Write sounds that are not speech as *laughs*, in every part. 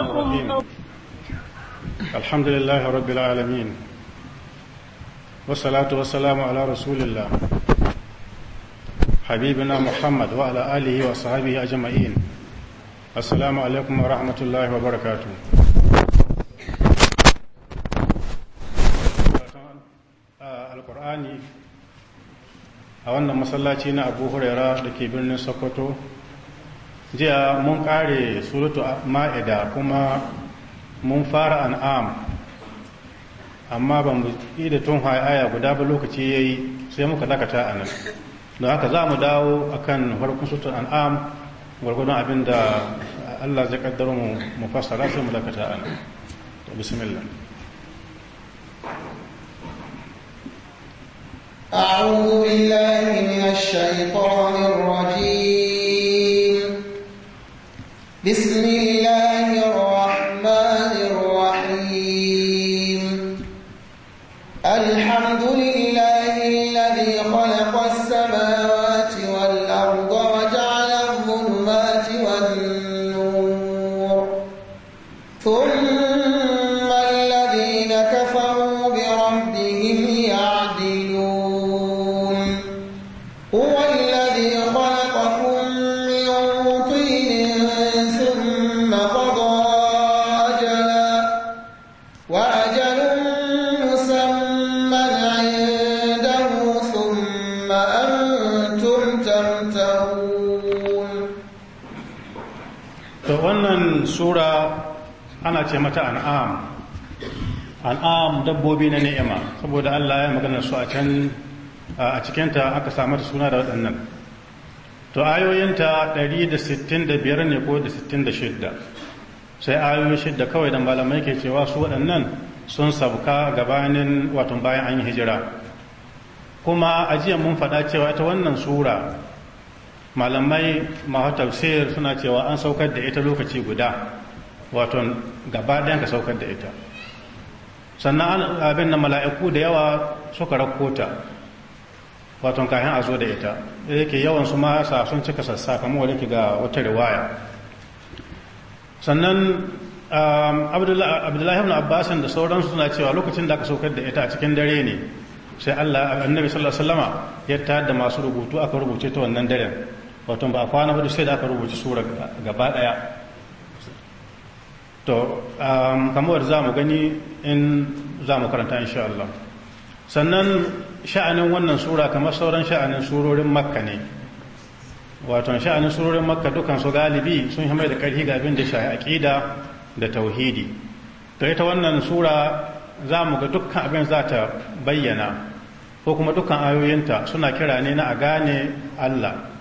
الرحمن الرحيم الحمد لله رب العالمين والصلاة والسلام على رسول الله حبيبنا محمد وعلى آله وصحبه أجمعين السلام عليكم ورحمة الله وبركاته القرآن a wannan masallaci na abu huraira da ke birnin sokoto jiya mun kare suratu ma'ida kuma mun fara an'am amma ba mu yi da tun aya guda ba lokaci ya yi sai muka dakata a nan don haka za mu dawo a kan farkon suratu an'am gwargwadon abin da allah zai kaddaro mu fasara sai mu dakata a nan bismillah أعوذ بالله من الشيطان الرجيم This ce mata an'am an'am dabbobi na ni'ima saboda Allah ya magana su a can a cikinta aka samu da suna da waɗannan to ayoyinta 165 ne ko da 66 sai ayoyin shidda kawai da malamai ke cewa su waɗannan sun sabka gabanin watan bayan an yi hijira kuma a jiya mun faɗa cewa ta wannan sura malamai masu tafsir suna cewa an saukar da ita lokaci guda waton gaba ɗayan ka saukar da ita sannan abin da mala'iku da yawa suka ta waton kayan a zo da ita yake yawan su sa sun cika sassa kamar wani ke ga wata riwaya sannan um, abdullahi ibn abbas da sauransu suna cewa lokacin da aka saukar da ita a cikin dare ne sai allah annabi sallallahu alaihi wasallama ya ta da masu rubutu aka rubuce ta wannan daren wato ba kwana hudu sai da aka rubuce sura gaba daya to um, kamar za mu gani in za mu karanta insha Allah sannan sha'anin wannan sura kamar sauran sha'anin surorin makka ne wato sha'anin surorin makka dukkan su galibi sun hamar da karfi ga abin da shahi aqida da tauhidi to ta wannan sura za mu ga dukkan abin za ta bayyana ko kuma dukkan ayoyinta suna kira ne na a gane Allah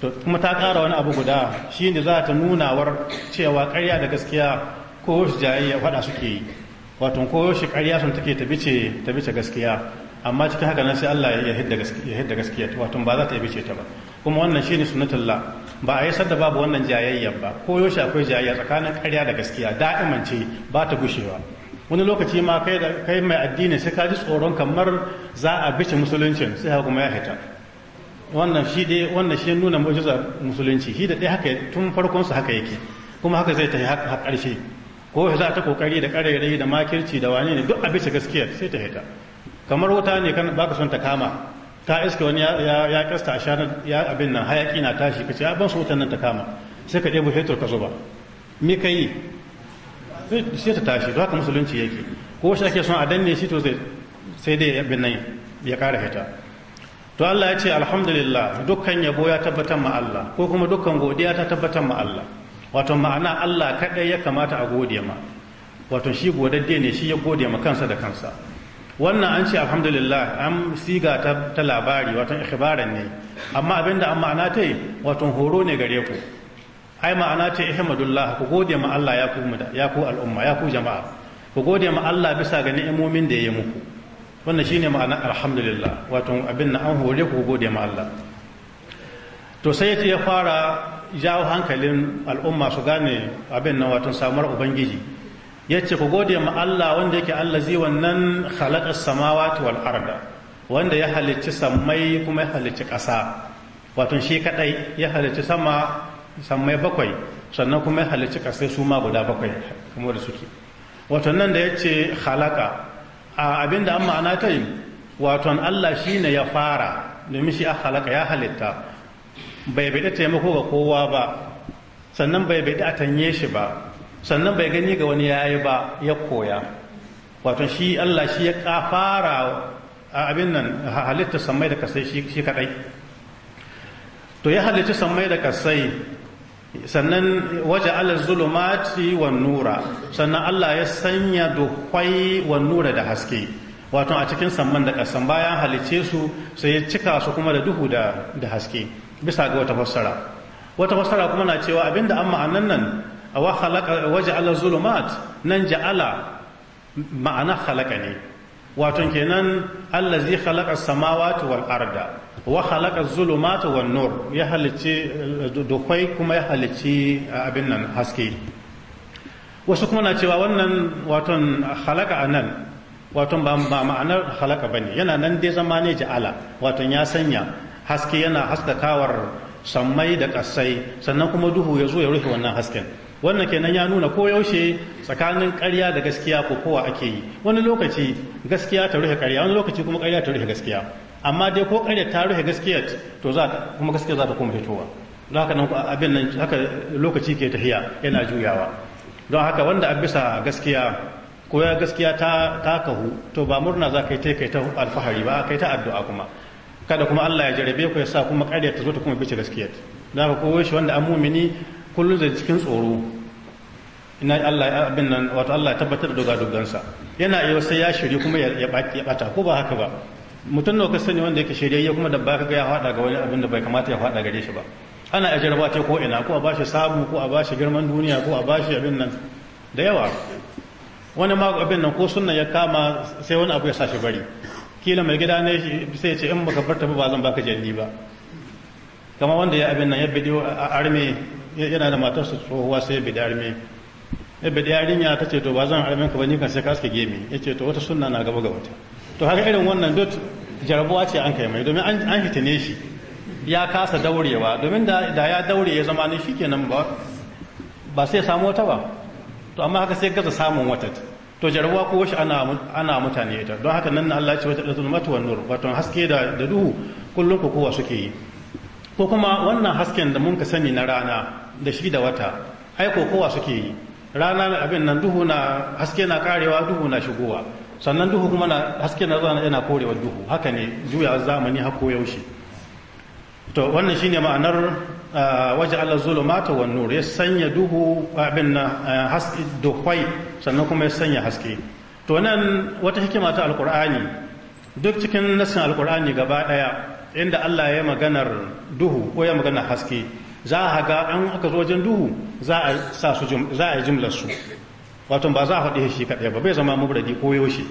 to kuma ta ƙara wani abu guda shi ne za ta nunawar cewa ƙarya da gaskiya ko shi jayayya faɗa suke yi wato ko shi ƙarya sun take ta bice ta bice gaskiya amma cikin haka nan sai Allah ya hidda gaskiya ya hidda gaskiya wato ba za ta bice ta ba kuma wannan shi ne sunnatullah ba a yi sadda babu wannan jayayya ba ko yaushe akwai jayayya tsakanin ƙarya da gaskiya da'iman ce ba ta gushewa wani lokaci ma kai mai addini sai ka ji tsoron kamar za a bice musuluncin sai haka kuma ya hita wannan shi dai wannan shi nuna mu'jizar musulunci shi da dai haka tun farkon su haka yake kuma haka zai ta yi har ƙarshe ko za ta kokari da rai da makirci da wane ne duk a bisa gaskiya sai ta haita kamar wuta ne kan baka son ta kama ka iska wani ya kasta a shanar ya abin nan hayaki na tashi kace a ban su wutan nan ta kama sai ka ɗebo fetur ka zuba me ka yi sai ta tashi to haka musulunci yake ko shi ake son a danne shi to sai dai abin nan ya ƙara haita to Allah ya ce alhamdulillah dukkan yabo ya tabbatar ma Allah ko kuma dukkan godiya ta tabbatar ma Allah wato ma'ana Allah kadai ya kamata a gode ma wato shi godadde ne shi ya gode ma kansa da kansa wannan an ce alhamdulillah an siga ta, labari wato ikhbaran ne amma abinda an ma'ana ta wato horo ne gare ku ai ma'ana ce ihmadullah ku gode ma Allah ya ku ya ku al'umma ya ku jama'a ku gode ma Allah bisa ga ni'imomin da ya yi muku wannan shine ma'ana alhamdulillah wato abin na an hore ku gode ma Allah to sai ya fara jawo hankalin al'umma su gane abin nan wato samuwar ubangiji ya ce ku gode ma Allah wanda yake Allah zai wannan khalaqas samawati wal arda wanda ya halicci sammai kuma ya halicci ƙasa wato shi kadai ya halicci sama sammai bakwai sannan kuma ya halicci ƙasa su ma guda bakwai kamar da suke wato nan da ya ce khalaqa abin da an ma'ana ta yi waton Allah shi ne ya fara domin shi a halaka ya halitta bai bai taimako ga kowa ba sannan bai bai a tanye shi ba sannan bai gani ga wani yayi ba ya koya waton shi Allah shi ya fara abin nan halitta sammai da kasai shi kadai to ya halitta sammai da kasai sannan waje ala zulumati wa nura sannan Allah ya sanya duhwai wa nura da haske wato a cikin samman da kasan bayan halice su sai ya cika su kuma da duhu da haske bisa ga wata fassara wata fassara kuma na cewa abinda an ma'anan nan waje ala zulumat nan ja'ala ma'ana halaka ne waton kenan allazi khalaqa samawati wal arda wa khalaqa zulumati wan nur ya halicci eh, dukwai kuma ya halicci eh, abin nan haske wasu kuma na cewa wannan waton khalaqa anan waton ba ma'anar halaka bane yana nan dai zama ne ja'ala waton ya sanya haske yana haskakawar sammai da kasai sannan kuma duhu ya zo ya rufe wannan hasken wannan kenan ya nuna koyaushe tsakanin ƙarya da gaskiya ko kowa ake yi wani lokaci gaskiya ta rufe ƙarya wani lokaci kuma ƙarya ta rufe gaskiya amma dai ko ƙarya ta rufe gaskiya to za kuma gaskiya za ta kuma fitowa don haka nan abin nan haka lokaci ke tafiya yana juyawa don haka wanda a bisa gaskiya ko ya gaskiya ta ta kahu to ba murna za kai yi ta kai ta alfahari ba kai ta addu'a kuma kada kuma Allah ya jarabe ku ya sa kuma ƙarya ta zo ta kuma bice gaskiya don haka ko wanda an mumini kullum zai cikin tsoro ina Allah abin nan wato Allah ya tabbatar da doga dogansa yana yau sai ya shirye kuma ya bata ko ba haka ba mutum nawa ka sani wanda yake shirye kuma da baka ga ya fada ga wani abin da bai kamata ya fada gare shi ba ana a jarba ta ko ina ko a bashi samu ko a bashi girman duniya ko a bashi abin nan da yawa wani ma abin nan ko sunna ya kama sai wani abu ya sashi bari kila mai gida ne sai ya ce in baka bar ba zan baka janni ba kama wanda ya abin nan ya bidiyo a arme yana da matarsa tsohuwa sai bi darme ya eh, bi yarinya ta ce to ba zan armen ka ba ni kan sai ka suke gemi ya ce to wata sunna na gaba ga wata to haka irin wannan duk jarabuwa ce an kai mai domin an hitine shi ya kasa daurewa domin da ya daure ya zama ne shikenan ba ba sai samu wata ba to amma haka sai gaza samun wata to jarabuwa ko wasu ana mutane ita don haka nan Allah ya ce wata zulmatu wan nur wato haske da duhu kullum ku kowa suke yi ko kuma wannan hasken da mun ka sani na rana da shi da wata ai kowa suke yi rana abin nan duhu na haske na karewa duhu na shigowa sannan duhu kuma na haske na zuwa yana korewa duhu haka ne juya zamani har ko yaushe to wannan shine ma'anar waje Allah zulumata wa nur ya sanya duhu abin na haske kwai sannan kuma ya sanya haske to nan wata hikima ta alqur'ani duk cikin nasin alqur'ani gaba daya inda Allah ya maganar duhu ko ya maganar haske za a haga an aka zo wajen duhu za a sa su za a jimlar su wato ba za a faɗi shi kaɗai ba bai zama mubradi ko yaushe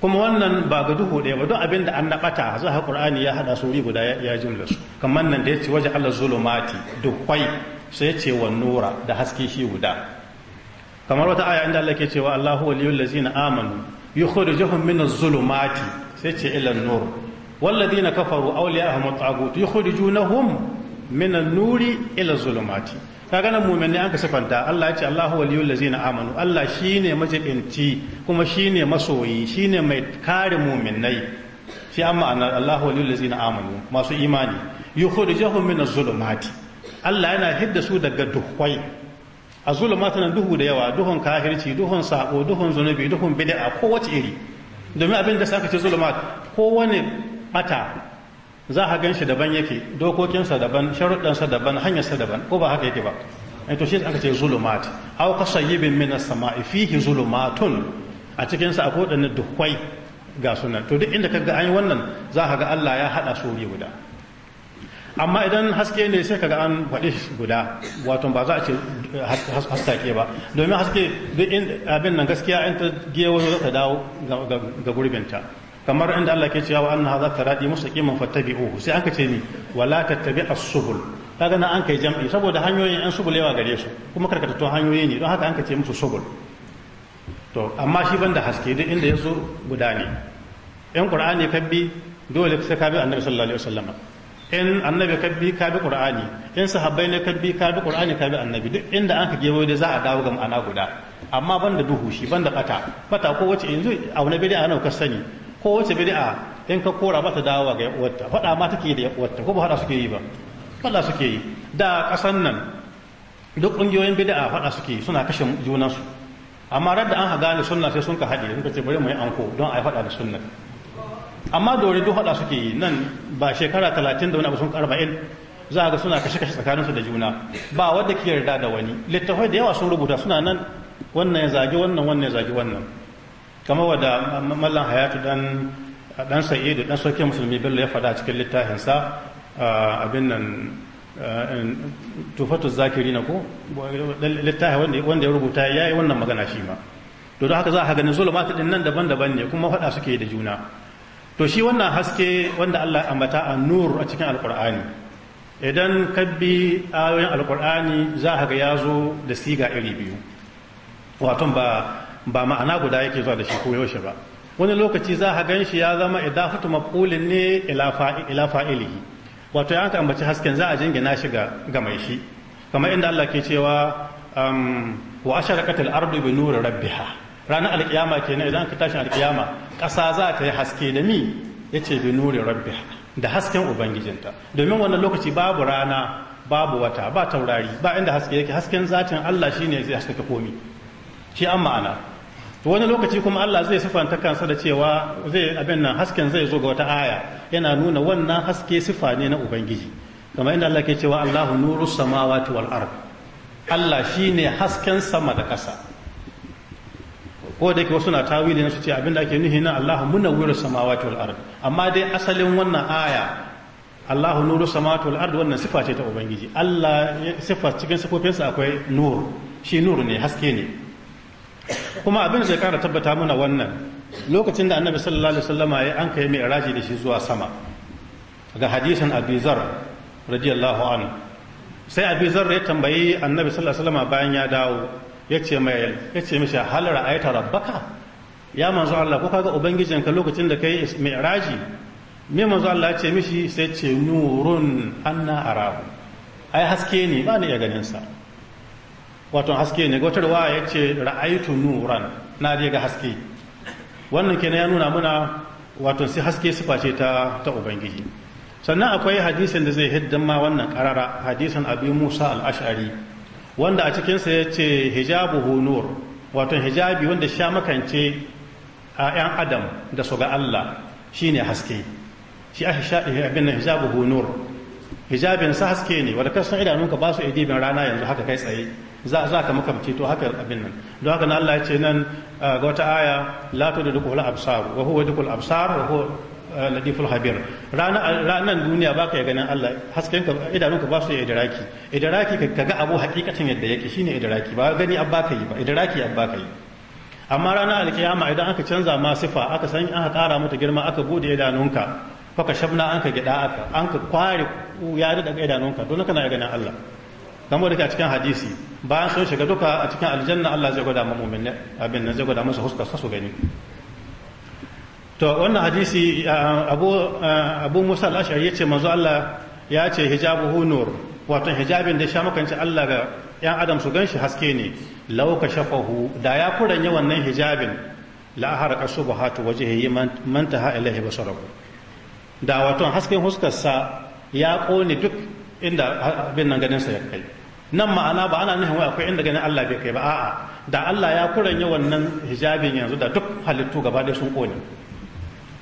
kuma wannan ba ga duhu ɗaya ba don abin da an naɓata za a ƙur'ani ya haɗa su guda ya jimla su kamar nan da ya ce waje allah zulumati dukwai sai ya ce wa nura da haske shi guda kamar wata aya inda allah ke cewa allahu waliyul lazina amanu yukhrijuhum min az-zulumati sai ce ila an-nur والذين كفروا أولياءهم الطاغوت يخرجونهم minan nuri ila zulumati kaga nan mu'mini an ka sifanta Allah ya ce Allahu waliyul ladzina amanu Allah shine majibinci kuma shine masoyi shine mai kare mu'minai shi amma anan Allahu waliyul ladzina amanu masu imani yukhrijuhum min mina zulumati Allah yana hidda su daga duhwai a zulumati nan duhu da yawa duhun kafirci duhun sako duhun zunubi duhun bid'a kowace iri domin abin da saka ce zulumat kowane bata za a gan shi daban yake dokokinsa daban sharuɗansa daban hanyarsa daban ko ba haka yake ba ai to shi aka ce zulumat aw kasayyibin min as-sama'i fihi zulumatun a cikinsa a akwai wadannan ga sunan to duk inda kaga an yi wannan za ka ga Allah ya haɗa su guda amma idan haske ne sai ka ga an faɗi guda wato ba za a ce haske ba domin haske duk abin nan gaskiya in ta gewa ta dawo ga gurbinta kamar inda Allah ke cewa anna hadha sirati mustaqimun fattabi'uhu sai aka ce ni wala as subul kaga nan an kai jam'i saboda hanyoyin an subul yawa gare su kuma karkatattun hanyoyi ne don haka an ka ce musu subul to amma shi banda haske duk inda yazo guda ne in qur'ani kabbi dole sai ka bi annabi sallallahu alaihi wasallam in annabi ka bi ka bi qur'ani in sahabbai ne ka bi ka bi qur'ani ka bi annabi duk inda an ka gewaye da za a dawo ga ma'ana guda amma banda duhu shi banda fata fata ko wace yanzu a wani bid'a nan ka sani Ko kowace bid'a in ka kora ba ta dawowa ga uwarta faɗa ma take da uwarta ko ba faɗa suke yi ba faɗa suke yi da ƙasan nan duk ƙungiyoyin bid'a faɗa suke suna kashe junansu amma rada an haga ne sunna sai sun ka haɗe in ka ce bari mu yi anko don a yi faɗa da sunna amma dore duk faɗa suke yi nan ba shekara talatin da wani abu sun arba'in za a ga suna kashe kashe tsakaninsu da juna ba wanda ke yarda da wani littafai da yawa sun rubuta suna nan wannan ya zagi wannan wannan ya zagi wannan kama wadda mallan hayatu dan dan sa'idu dan soke musulmi bello ya faɗa cikin littafinsa ah, abin nan ah, tufatu zakiri na ko littafi wanda ya rubuta ya yi wannan magana shi ma to don haka za a ganin zulma ɗin nan daban-daban ne kuma faɗa suke da juna to shi wannan haske wanda Allah ya ambata a nur a cikin alkur'ani idan kabbi ayoyin alkur'ani za a ga ya zo da siga iri biyu waton ba ba ma'ana guda yake zuwa da shi ko yaushe ba wani lokaci za a gan shi ya zama idafatu maf'ulin ne ila fa'ilihi wato ya aka ambaci hasken za a jingina shi ga mai shi kamar inda Allah ke cewa um, wa asharaqat al-ardu bi nuri rabbiha ranar alkiyama kenan idan ka tashi alkiyama ƙasa za ta yi haske da mi yace bi nuri rabbiha da hasken ubangijinta domin wannan lokaci babu rana babu wata ba taurari ba inda haske yake hasken zatin Allah shi ne zai ka komi shi an ma'ana to wani lokaci kuma Allah zai sifanta kansa da cewa zai abin nan hasken zai zo ga wata aya yana nuna wannan haske sifa ne na ubangiji kamar inda Allah ke cewa Allahu nuru samawati wal ard Allah shine hasken sama da ƙasa ko da yake wasu na tawili na su ce abinda ake nuhi na Allahu munawwiru samawati wal ard amma dai asalin wannan aya Allahu nuru samawati wal ard wannan sifa ce ta ubangiji Allah sifa cikin sifofinsa akwai nur shi nur ne haske ne kuma abin zai kara tabbata mana wannan lokacin da annabi sallallahu alaihi wasallama ya an kai mi'raji da shi zuwa sama ga hadisin abizar radiyallahu anhu. sai abizar ya tambayi annabi sallallahu alaihi wasallama bayan ya dawo ya ce mai ya ce mishi hal ra'aita rabbaka ya manzo Allah ko kaga ubangijinka lokacin da kai mi'raji me manzo Allah ya ce mishi sai ce nurun anna arahu ai haske ne ba ni iya ganin sa wato haske ne wata ya ce ra'aitu nuran na je ga haske wannan kenan ya nuna muna wato sai haske sifa ce ta ta ubangiji sannan akwai hadisin da zai hiddan ma wannan karara hadisin abi musa al-ash'ari wanda a cikinsa ya ce hijabu nur wato hijabi wanda sha makance a 'yan adam da su ga allah shine haske shi a abin hijabu nur hijabin sa haske ne wanda kasan idanunka ba su idibin rana yanzu haka kai tsaye za a ka makamci to haka abin nan don haka nan Allah ya ce nan ah, ga wata aya la tu dukul absar wa huwa dukul absar wa huwa ah, ladiful habir ranan duniya baka ya ganin Allah hasken ka idanunka ba su ya idraki idraki ka ga abu hakikatin yadda yake shine idraki ba gani abba ka yi ba idraki abba ka yi amma ranar alkiyama idan aka canza ma sifa aka san aka kara mata girma aka bude idanunka faka shabna an ka gida aka an ka kware ya daga idanunka don kana ya ganin Allah kamar da ke a cikin hadisi bayan sun shiga duka a cikin aljanna Allah zai gwada mu ne abin nan zai gwada masa huska su gani to wannan hadisi abu musa al-ashari yace manzo Allah ya ce hijabu hunur wato hijabin da sha makanci Allah ga yan adam su ganshi haske ne lauka shafahu da ya kuranya wannan hijabin la harqa subhatu wajhihi man taha ilaihi basarahu da wato hasken huskarsa ya kone duk inda abin nan ganin sa ya kai nan ma'ana ba ana nufin wai akwai inda ganin Allah bai kai ba a'a da Allah ya kuran kuranya wannan hijabin yanzu da duk halittu gaba da sun kone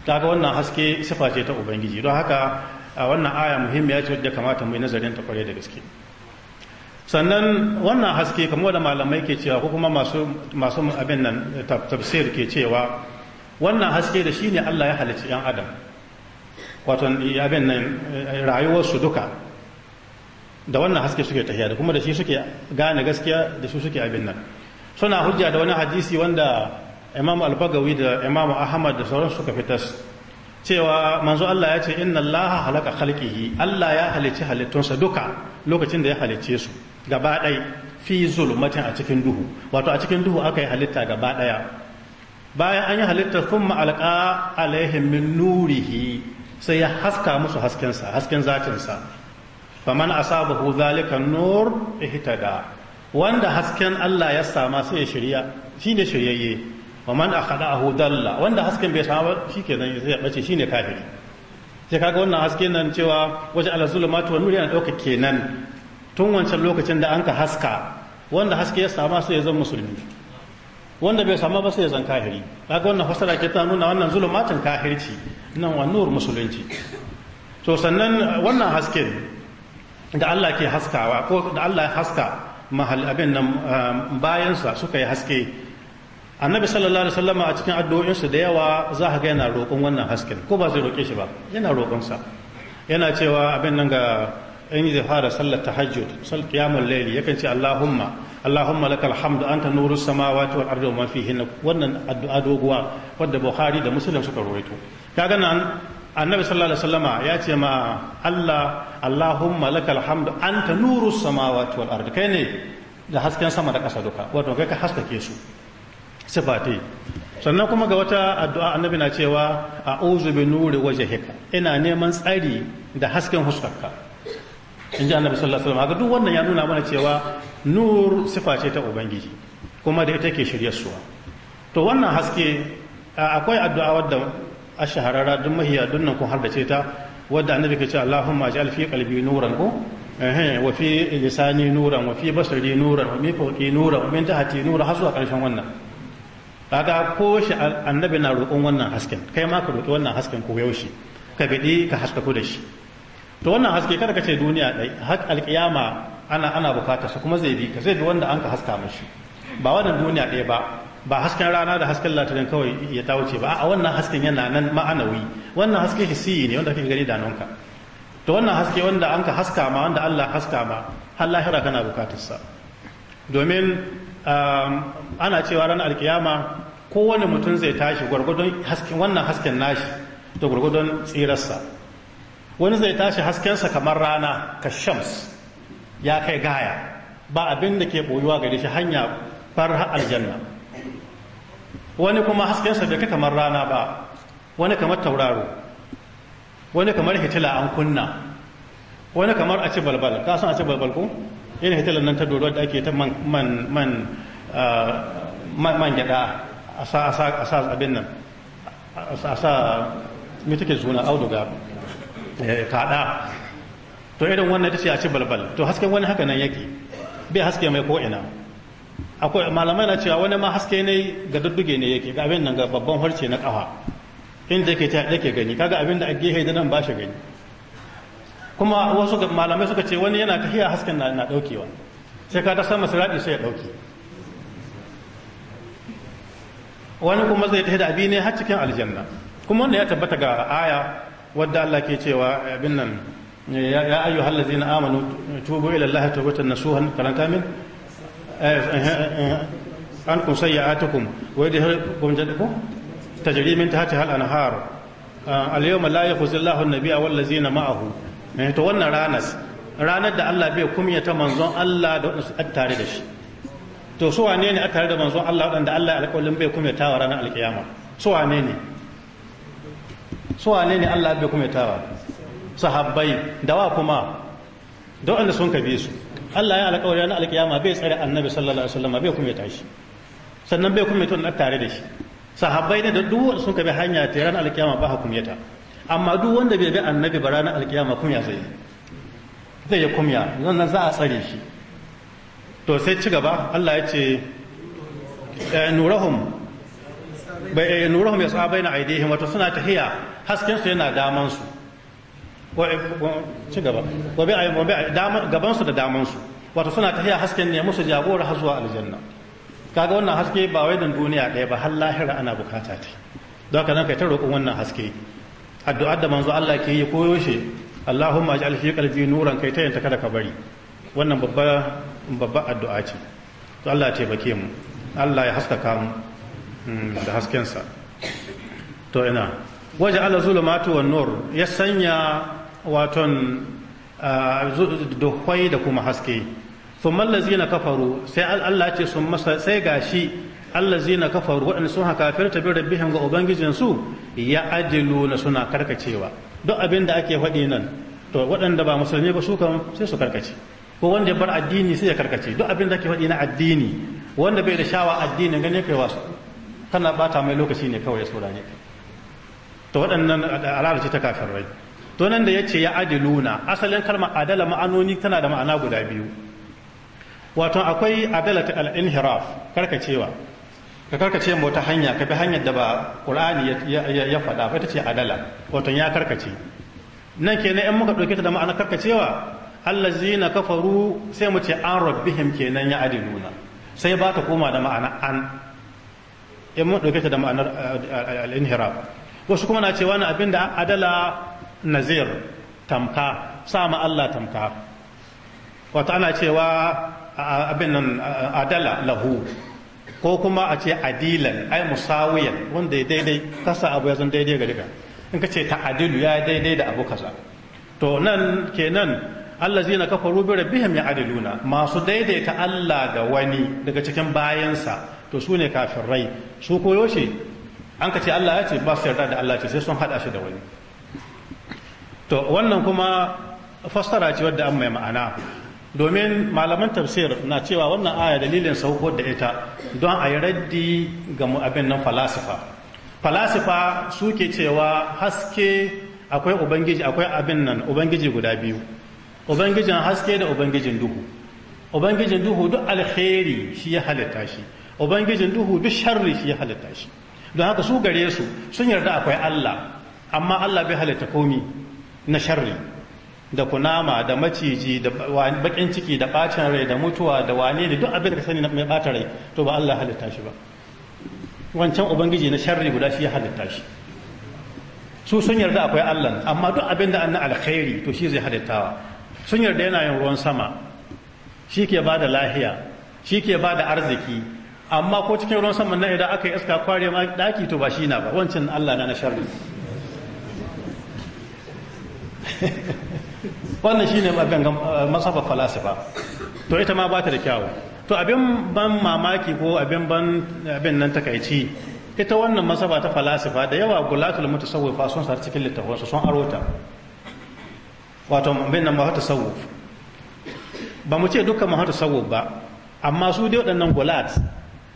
kaga wannan haske sifa ce ta ubangiji don haka a wannan aya muhimmiya ce wadda kamata mu yi nazarin ta kware da gaske sannan wannan haske kamar da malamai ke cewa ko kuma masu abin nan tafsir ke cewa wannan haske da shi ne Allah ya halicci yan adam wato abin nan rayuwarsu duka da wannan haske suke tahiya da kuma da shi suke gane gaskiya da shi suke abin nan suna hujja da wani hadisi wanda imam al-bagawi da imam ahmad da sauran suka fitas cewa manzo Allah ya ce inna Allah halaka khalqihi Allah ya halicci halittunsa duka lokacin da ya halicce su gaba ɗai fi zulmatin a cikin duhu wato a cikin duhu aka yi halitta gaba ɗaya bayan an yi halitta kuma alƙa alaihim min nurihi sai ya haska musu haskensa hasken zatin sa. faman asabahu zalika nur ihtada wanda hasken Allah ya sama sai ya shirya shine shiryayye faman akhadahu dalla wanda hasken bai sama shikenan sai ya bace shine kafiri sai kaga wannan hasken nan cewa waje ala zulumatu wa nur yana dauka kenan tun wancan lokacin da anka haska wanda haske ya sama sai ya zama musulmi wanda bai sama ba sai ya zan kafiri kaga wannan fasara ke ta nuna wannan zulumatin kafirci nan wa nur musulunci to sannan wannan hasken da Allah ke haskawa ko da Allah ya haska mahal abin nan um, bayansa suka yi haske annabi sallallahu alaihi wasallam a cikin addu'o'insu da yawa za ka ga yana roƙon wannan hasken ko ba zai roƙe shi ba yana roƙonsa yana cewa abin nan ga in zai fara sallar tahajjud sal qiyamul layli yakan ce allahumma allahumma lakal hamdu anta nurus samawati wal ardi wa ma fihinna wannan addu'a doguwa wadda bukhari da muslim suka rawaito kaga nan annabi sallallahu alaihi wasallama ya ce ma Allah Allahumma lakal hamdu anta nuru samawati wal ardi kai ne da hasken sama da ƙasa duka wato kai ka haskake su sifati sannan kuma ga wata addu'a annabi na cewa a'udhu bi nuri wajhika ina neman tsari da hasken huskarka in ji annabi sallallahu alaihi wasallam duk wannan ya nuna mana cewa nur sifa ce ta ubangiji kuma da ita ke shirye suwa to wannan haske akwai addu'a wadda a shahararra duk mahiya duk nan kun hardace ta wadda annabi ka ce Allahumma ja'al fi qalbi nuran ko eh wa fi lisani nuran wa fi basari nuran wa min fawqi nuran wa min tahti nuran hasu zuwa karshen wannan kaga ko shi annabi na roƙon wannan hasken kai ma ka roƙi wannan hasken ko yaushe ka gadi ka haska ku da shi to wannan haske kada ka ce duniya dai har alƙiyama ana ana bukatar su kuma zai bi ka zai bi wanda an ka haska mashi ba wannan duniya ɗaya ba ba hasken rana da hasken latirin kawai ya ta wuce ba a wannan hasken yana nan ma'anawi wannan haske hissi ne wanda kake gani da nonka to wannan haske wanda an ka haska ma wanda Allah haska ma har lahira kana bukatarsa domin um, ana cewa ranar alkiyama kowane mutum zai tashi gwargwadon hasken wannan hasken nashi da gwargwadon tsirarsa wani zai tashi haskensa kamar rana ka shams ya kai gaya ba abin da ke boyuwa gare shi hanya far aljanna wani kuma haskensa bai kai kamar rana ba wani kamar tauraro wani kamar hitila an kunna wani kamar a ci balbal ka san a ci balbal ko irin hitila nan ta dodo da ake ta man man man ah, man gyada a sa a sa abin nan a sa me take suna auduga eh, kaɗa to irin wannan ta ce a ci balbal to hasken wani haka nan yake bai haske mai ko ina akwai malamai na cewa wani ma haske ne ga dudduge ne yake ga abin nan ga babban harce na kafa inda yake ta yake gani kaga abin da a gehe da nan ba shi gani kuma wasu malamai suka ce wani yana tafiya hasken na na daukewa sai ka ta sama siradi sai ya dauke wani kuma zai tafi da abin ne har cikin aljanna kuma wanda ya tabbata ga aya wadda Allah ke cewa abin nan ya ayyuhallazina amanu tubu ila Allah tawbatan nasuhan karanta min Eh, eh, eh, ankum sayyi'atukum wa yadhhirukum jadakum tajri min tahtiha al-anhar al-yawma la yakhzi Allahu an-nabiyya wal ladzina ma'ahu to wannan ranar ranar da Allah manzon Allah da tare da shi to su wane ne a tare da manzon Allah wadanda Allah alƙawarin bai kumyata tawa ranar alƙiyama su wane ne su wane ne Allah bai kumyata wa sahabbai da wa kuma da wanda sun kabe su Allah ya alƙawari ranar alƙiyama bai tsare annabi sallallahu alaihi wasallam bai kuma tashi sannan bai kuma tun tare da shi sahabbai ne da duk wanda sun bi hanya ta ranar alƙiyama ba hukumiyata amma duk wanda bai bi annabi ba ranar kuma ya zai zai ya kunya nan za a tsare shi to sai ci gaba Allah ya ce eh, nurahum bai eh, nurahum ya sabai na aidihim wato suna tahiya hasken su yana daman su gaba gabansu da damansu wato suna tafiya hasken ne musu jagora har zuwa aljanna kaga wannan haske ba wai dan duniya ɗaya ba har lahira ana bukata ta don haka nan kai ta roƙon wannan haske addu'ar da manzo Allah ke yi koyo shi Allahumma ij'al fi qalbi nuran kai ta yanta kada ka bari wannan babba babba addu'a ce to Allah ya taimake mu Allah ya haskaka mu mm, da haskensa to ina waje ala zulumatu wan nur ya sanya waton dukwai da kuma haske sun mallazi na kafaru sai Allah ce sun masa sai gashi Allah na kafaru waɗanda sun haka firta da rabbihin ga ubangijinsu ya ajilu na suna karkacewa duk abin da ake faɗi nan to waɗanda ba musulmi ba su kan sai su karkace ko wanda ya bar addini sai ya karkace duk abin da ake faɗi na addini wanda bai da shawa addini gane kai wasu kana bata mai lokaci ne kawai ya saurare to waɗannan al'ada ce ta rai. to nan da ya ce ya adiluna asalin kalmar adala ma'anoni tana da ma'ana guda biyu wato akwai adala ta al-inhiraf karkacewa ka karkace mu wata hanya ka bi hanyar da ba qur'ani ya faɗa ba ita ce adala wato ya karkace nan kenan in muka ɗauke ta da ma'ana karkacewa allazina kafaru sai mu ce an rabbihim kenan ya adiluna sai ba ta koma da ma'ana an in mun ɗauke ta da ma'anar eh, al-inhiraf wasu kuma na cewa na abinda adala nazir tamka sama Allah tamka wata ana cewa abin nan adala lahu ko kuma a ce adilan ai musawiyan wanda ya daidai kasa abu ya zan daidai ga daga in ka ce ta adilu ya daidai da abu kasa to nan kenan allazina biham ya rabbihim na masu daidaita Allah da wani daga cikin bayansa to su ne kafirai su koyo shi an ka ce Allah ya ce ba su yarda da Allah ce sai sun hada shi da wani to wannan kuma fassara ce wadda an mai ma'ana domin malaman tafsir na cewa wannan aya dalilin sauko da ita don a yi raddi ga abin nan falasifa falasifa su ke cewa haske akwai ubangiji akwai abin nan ubangiji guda biyu ubangijin haske da ubangijin duhu ubangijin duhu duk alheri shi ya halitta shi ubangijin duhu duk sharri shi ya halitta shi don haka su gare su sun yarda akwai allah amma allah bai halitta komi na sharri da kunama da maciji da bakin ciki da bacin rai da mutuwa da wane da duk abin da ka sani mai bata rai to ba Allah halitta shi ba wancan ubangiji na sharri guda shi ya halitta shi su sun yarda akwai Allah amma duk abin da anna alkhairi to shi zai halittawa sun yarda yana yin ruwan sama shi ke ba lahiya shi ke bada arziki amma ko cikin ruwan sama na idan aka yi iska kware ma daki to ba shi na ba wancan Allah na na sharri wannan shine eh, masafa falasifa to ita ma ba ta da kyawu to abin ban mamaki ko abin ban abin nan takaici ita wannan masafa ta falasifa da yawa gulatul mutasawwifa sun sar cikin su sun arota wato abin nan ba ta tasawuf ba mu ce dukkan ma ta tasawuf ba amma su dai waɗannan gulat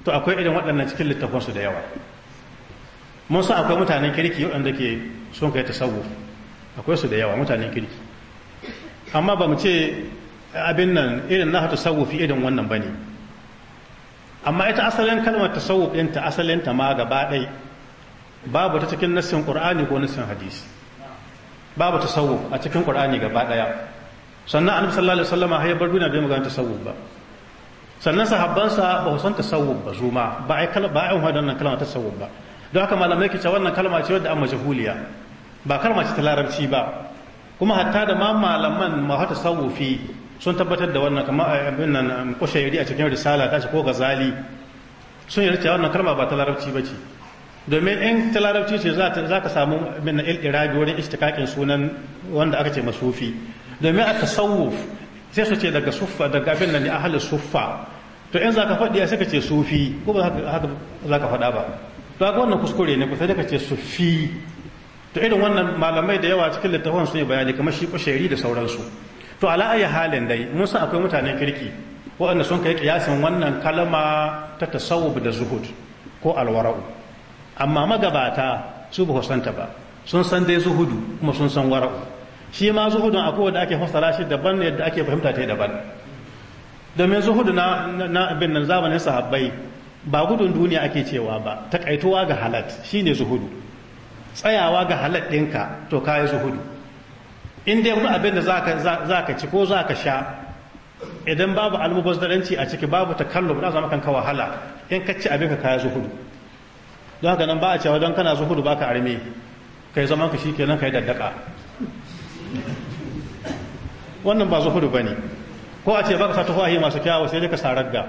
to akwai irin waɗannan cikin su da yawa mun san akwai mutanen kirki waɗanda ke sun kai tasawuf akwai su da yawa mutanen kirki amma ba mu ce abin nan irin na fi irin wannan ba ne amma ita asalin kalmar tasawuf ɗinta asalinta ma gaba ɗai babu ta cikin nassin ƙur'ani ko nassin hadisi babu tasawuf a cikin ƙur'ani gaba ɗaya sannan annabi sallallahu alaihi wasallam har bar duniya bai magana tasawuf ba sannan sahabbansa ba san tasawuf ba zuma ba ai kalma ba ai wannan kalma tasawuf ba don haka malamai ke cewa wannan kalma ce wadda an majhuliya ba kalma ta larabci ba kuma hatta da ma malaman ma sawufi sun tabbatar da wannan kamar eh, abin nan um, yadi a cikin risala ta ko gazali sun yi cewa wannan kalma ba ta ba ce domin in ta larabci ce za ka samu min il-irabi wurin ishtikakin sunan wanda aka ce masufi domin a tasawuf sai su ce daga suffa daga abin nan ne ahalin suffa to in za ka faɗi sai ka ce sufi ko ba za ka faɗa ba to haka wannan kuskure ne ku sai ka ce sufi to irin wannan malamai da yawa cikin littafin sun yi bayani kamar shi kushairi da sauransu to ala ayi halin dai mun san akwai mutanen kirki waɗanda sun kai kiyasin wannan kalma ta tasawuf da zuhud ko alwara'u amma magabata su ba santa ba sun san dai zuhudu kuma sun san wara'u shi ma zuhudun akwai wanda ake fassara shi daban yadda ake fahimta ta daban domin zuhudu na na bin nan zamanin sahabbai ba gudun duniya ake cewa ba takaituwa ga halat shine zuhudu tsayawa ga halal ɗinka to ka yi zuhudu in dai wani abin da za ka ci ko za ka sha idan babu almubazzaranci a ciki babu ba na zama kanka wahala in ka ci abin ka ka yi zuhudu don haka nan ba a cewa don kana zuhudu ba ka arme kai zaman ka shi kenan ka yi daddaka wannan ba zuhudu ba ne ko a ce ba ka sa tufahi masu kyawu sai dai ka sa ragga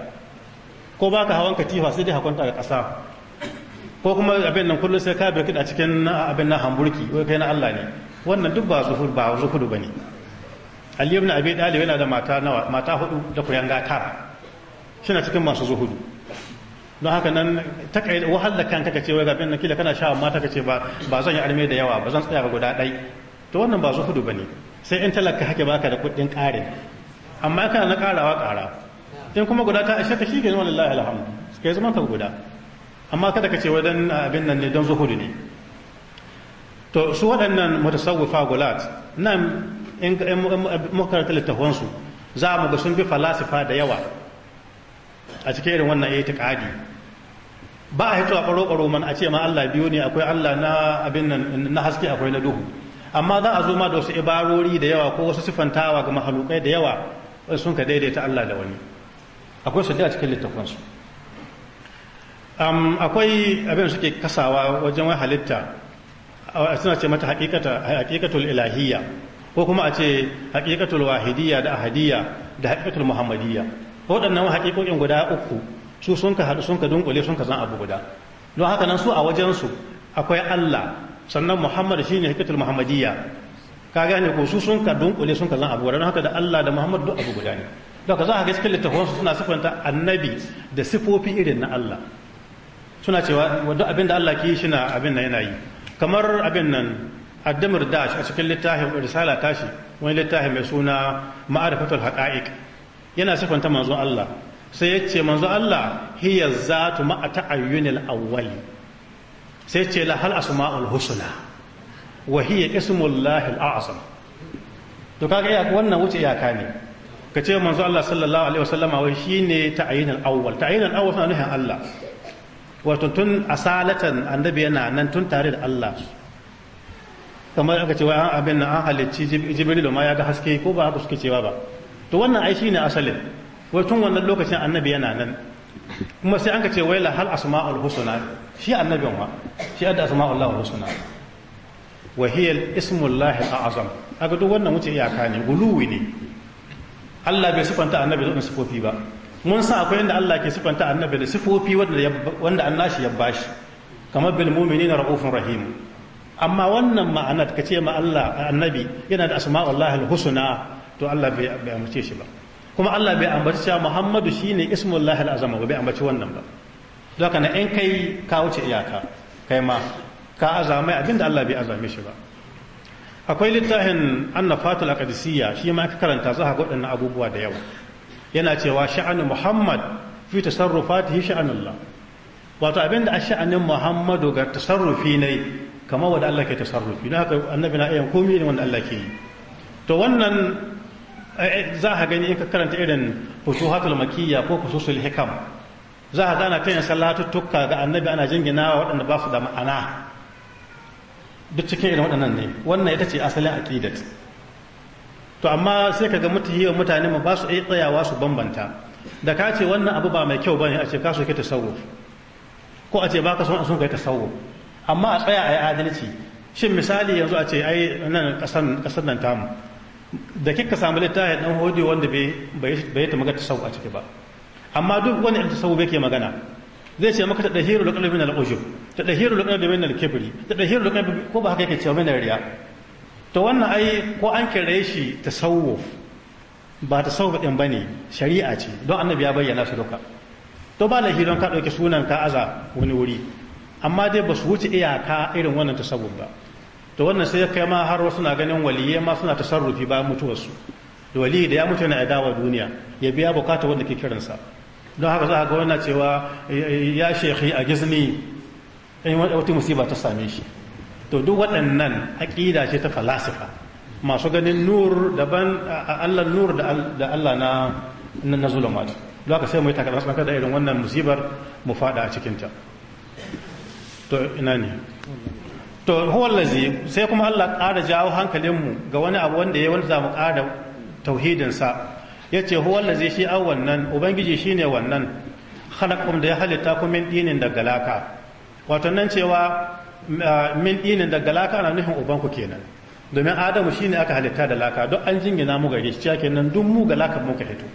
ko ba ka hawan katifa sai dai hakunta ga ƙasa ko kuma abin nan kullum sai ka birkit a cikin abin nan hamburki wai kai na Allah ne wannan duk ba zuhur ba zuhudu bane Ali ibn Abi Talib yana da mata nawa mata hudu da kuyanga tara shina cikin masu zuhudu don haka nan ta kai wahalar kan kaka ce wai ga bin kila kana sha mata kace ba ba zan yi arme da yawa ba zan tsaya ga guda dai to wannan ba zuhudu bane sai in talaka hake baka da kuɗin ƙarin amma kana na ƙarawa ƙara in kuma guda ta ashe ka shi ke wallahi alhamdu kai zama ka guda amma kada ka ce wadan ah, abin nan ne don zuhuri ne to su waɗannan mutasawwifa gulat nan in makaranta littafansu za mu ga sun bi falasifa da yawa a cikin irin wannan itiqadi ba a a ɓaro ɓaro man a ce ma Allah biyu ne akwai Allah na abin nan na haske akwai na duhu amma za a zo ma da wasu ibarori da yawa ko wasu sifantawa ga mahalukai da yawa sun ka daidaita Allah da wani akwai su da cikin littafansu akwai abin suke kasawa wajen wai halitta a suna ce mata haƙiƙatul ilahiyya ko kuma a ce haƙiƙatul wahidiyya da ahadiyya da haƙiƙatul muhammadiyya waɗannan haƙiƙoƙin guda uku su sun ka haɗu sun ka dunkule sun ka zan abu guda don haka nan su a wajensu akwai allah sannan muhammad shine haƙiƙatul muhammadiyya ka gane ko su sun ka dunkule sun ka zan abu guda don haka da allah da muhammad duk abu guda ne don haka za a ga cikin littafansu suna siffanta annabi da sifofi irin na allah suna cewa wadda abin da Allah ke yi shina abin nan yana yi kamar abin nan addamar dash a cikin littafin risala tashi wani littafi mai suna ma'arifatul haqa'iq yana sifanta manzon Allah sai yace manzon Allah hiya zatu ma ta'ayyunil awwali sai yace la hal asma'ul husna wa hiya ismullahil a'zam to kaga wannan wuce iyaka ne ka ce manzo Allah sallallahu alaihi wasallama wai shine ta'ayyinul awwal ta'ayyinul awwal suna nufin Allah wato tun asalatan annabi yana nan tun tare da Allah kamar aka ce an abin nan an halicci jibril ma ya ga haske ko ba haka suke cewa ba to wannan ai shine asalin wai tun wannan lokacin annabi yana nan kuma sai an ka ce wai la hal asma'ul husna shi annabin wa shi adda asma'ul lahu husna wa hiya al ismullah al azam aga duk wannan wuce iyaka ne guluwi ne Allah bai sifanta annabi da sifofi ba mun san akwai yadda Allah ke sifanta annabi da sifofi wanda an ya bashi kamar bil na raufin rahim amma wannan ma'anar ka ce ma Allah annabi yana da asma'ullahi al-husna to Allah bai amince shi ba kuma Allah bai ambaci cewa Muhammadu shine ismullahi al-azama bai ambaci wannan ba don haka in kai ka wuce iyaka kai ma ka azamai abinda Allah bai azame shi ba akwai littafin annafatul aqdisiyya shi ma ka karanta za ka ga abubuwa da yawa yana cewa sha'anin muhammad fi tasarrufatihi sha'anullah wato abinda a sha'anin muhammadu ga tasarrufi ne kama wanda Allah ke tasarrufi na haka annabi na iya komi ne wanda Allah ke yi to wannan eh, eh, za ka gani in ka karanta irin fusuhatul makiyya ko fususul hikam za ka gana ta yin salatuttuka ga annabi ana jingina waɗanda ba su da ma'ana duk cikin irin waɗannan ne wannan ita ce asalin aqidat to amma sai ka ga mutu yiwa mutane ba su iya tsayawa su bambanta da ka ce wannan abu ba mai kyau bane a ce ka soke tasawuf ko a ce ba ka son a ka yi tasawuf amma a tsaya a yi adalci shin misali yanzu a ce ai nan kasar nan tamu da kika samu littafi dan hodi wanda bai bai ta magana tasawuf a ciki ba amma duk wani tasawuf yake magana zai ce maka tadahiru da qalbi min al-ujub tadahiru da qalbi min al-kibri tadahiru qalbi ko ba haka yake cewa min riya to wannan ai ko an kire shi tasawuf ba tasawuf din bane shari'a ce don annabi ya bayyana su duka to ba lahi don ka ɗauki sunan ka aza wani wuri amma dai ba su wuce iyaka irin wannan tasawuf ba to wannan sai kai ma har wasu na ganin waliyye ma suna tasarrufi ba mutuwarsu da wali da ya mutu yana adawa duniya ya biya bukata wanda ke kiransa don haka za a ga wannan cewa ya shekhi a gizni in wata musiba ta same shi to duk waɗannan aƙida ce ta falasifa masu ganin nur daban Allah nur da Allah na na zulumat don haka sai mu yi takarar tsakar kada irin wannan musibar mu fada a cikinta to ina ne to huwallazi sai kuma Allah ƙara jawo hankalinmu ga wani abu wanda ya wani za mu ƙara tauhidinsa ya ce huwallazi shi an wannan ubangiji shi ne wannan halakum da ya halitta kuma ɗinin daga laka wato nan cewa Ah, min dinin daga laka ana nufin ubanku kenan domin adamu shine aka halitta da laka don an jingina mu gare shi kenan duk mu ga mu ka hito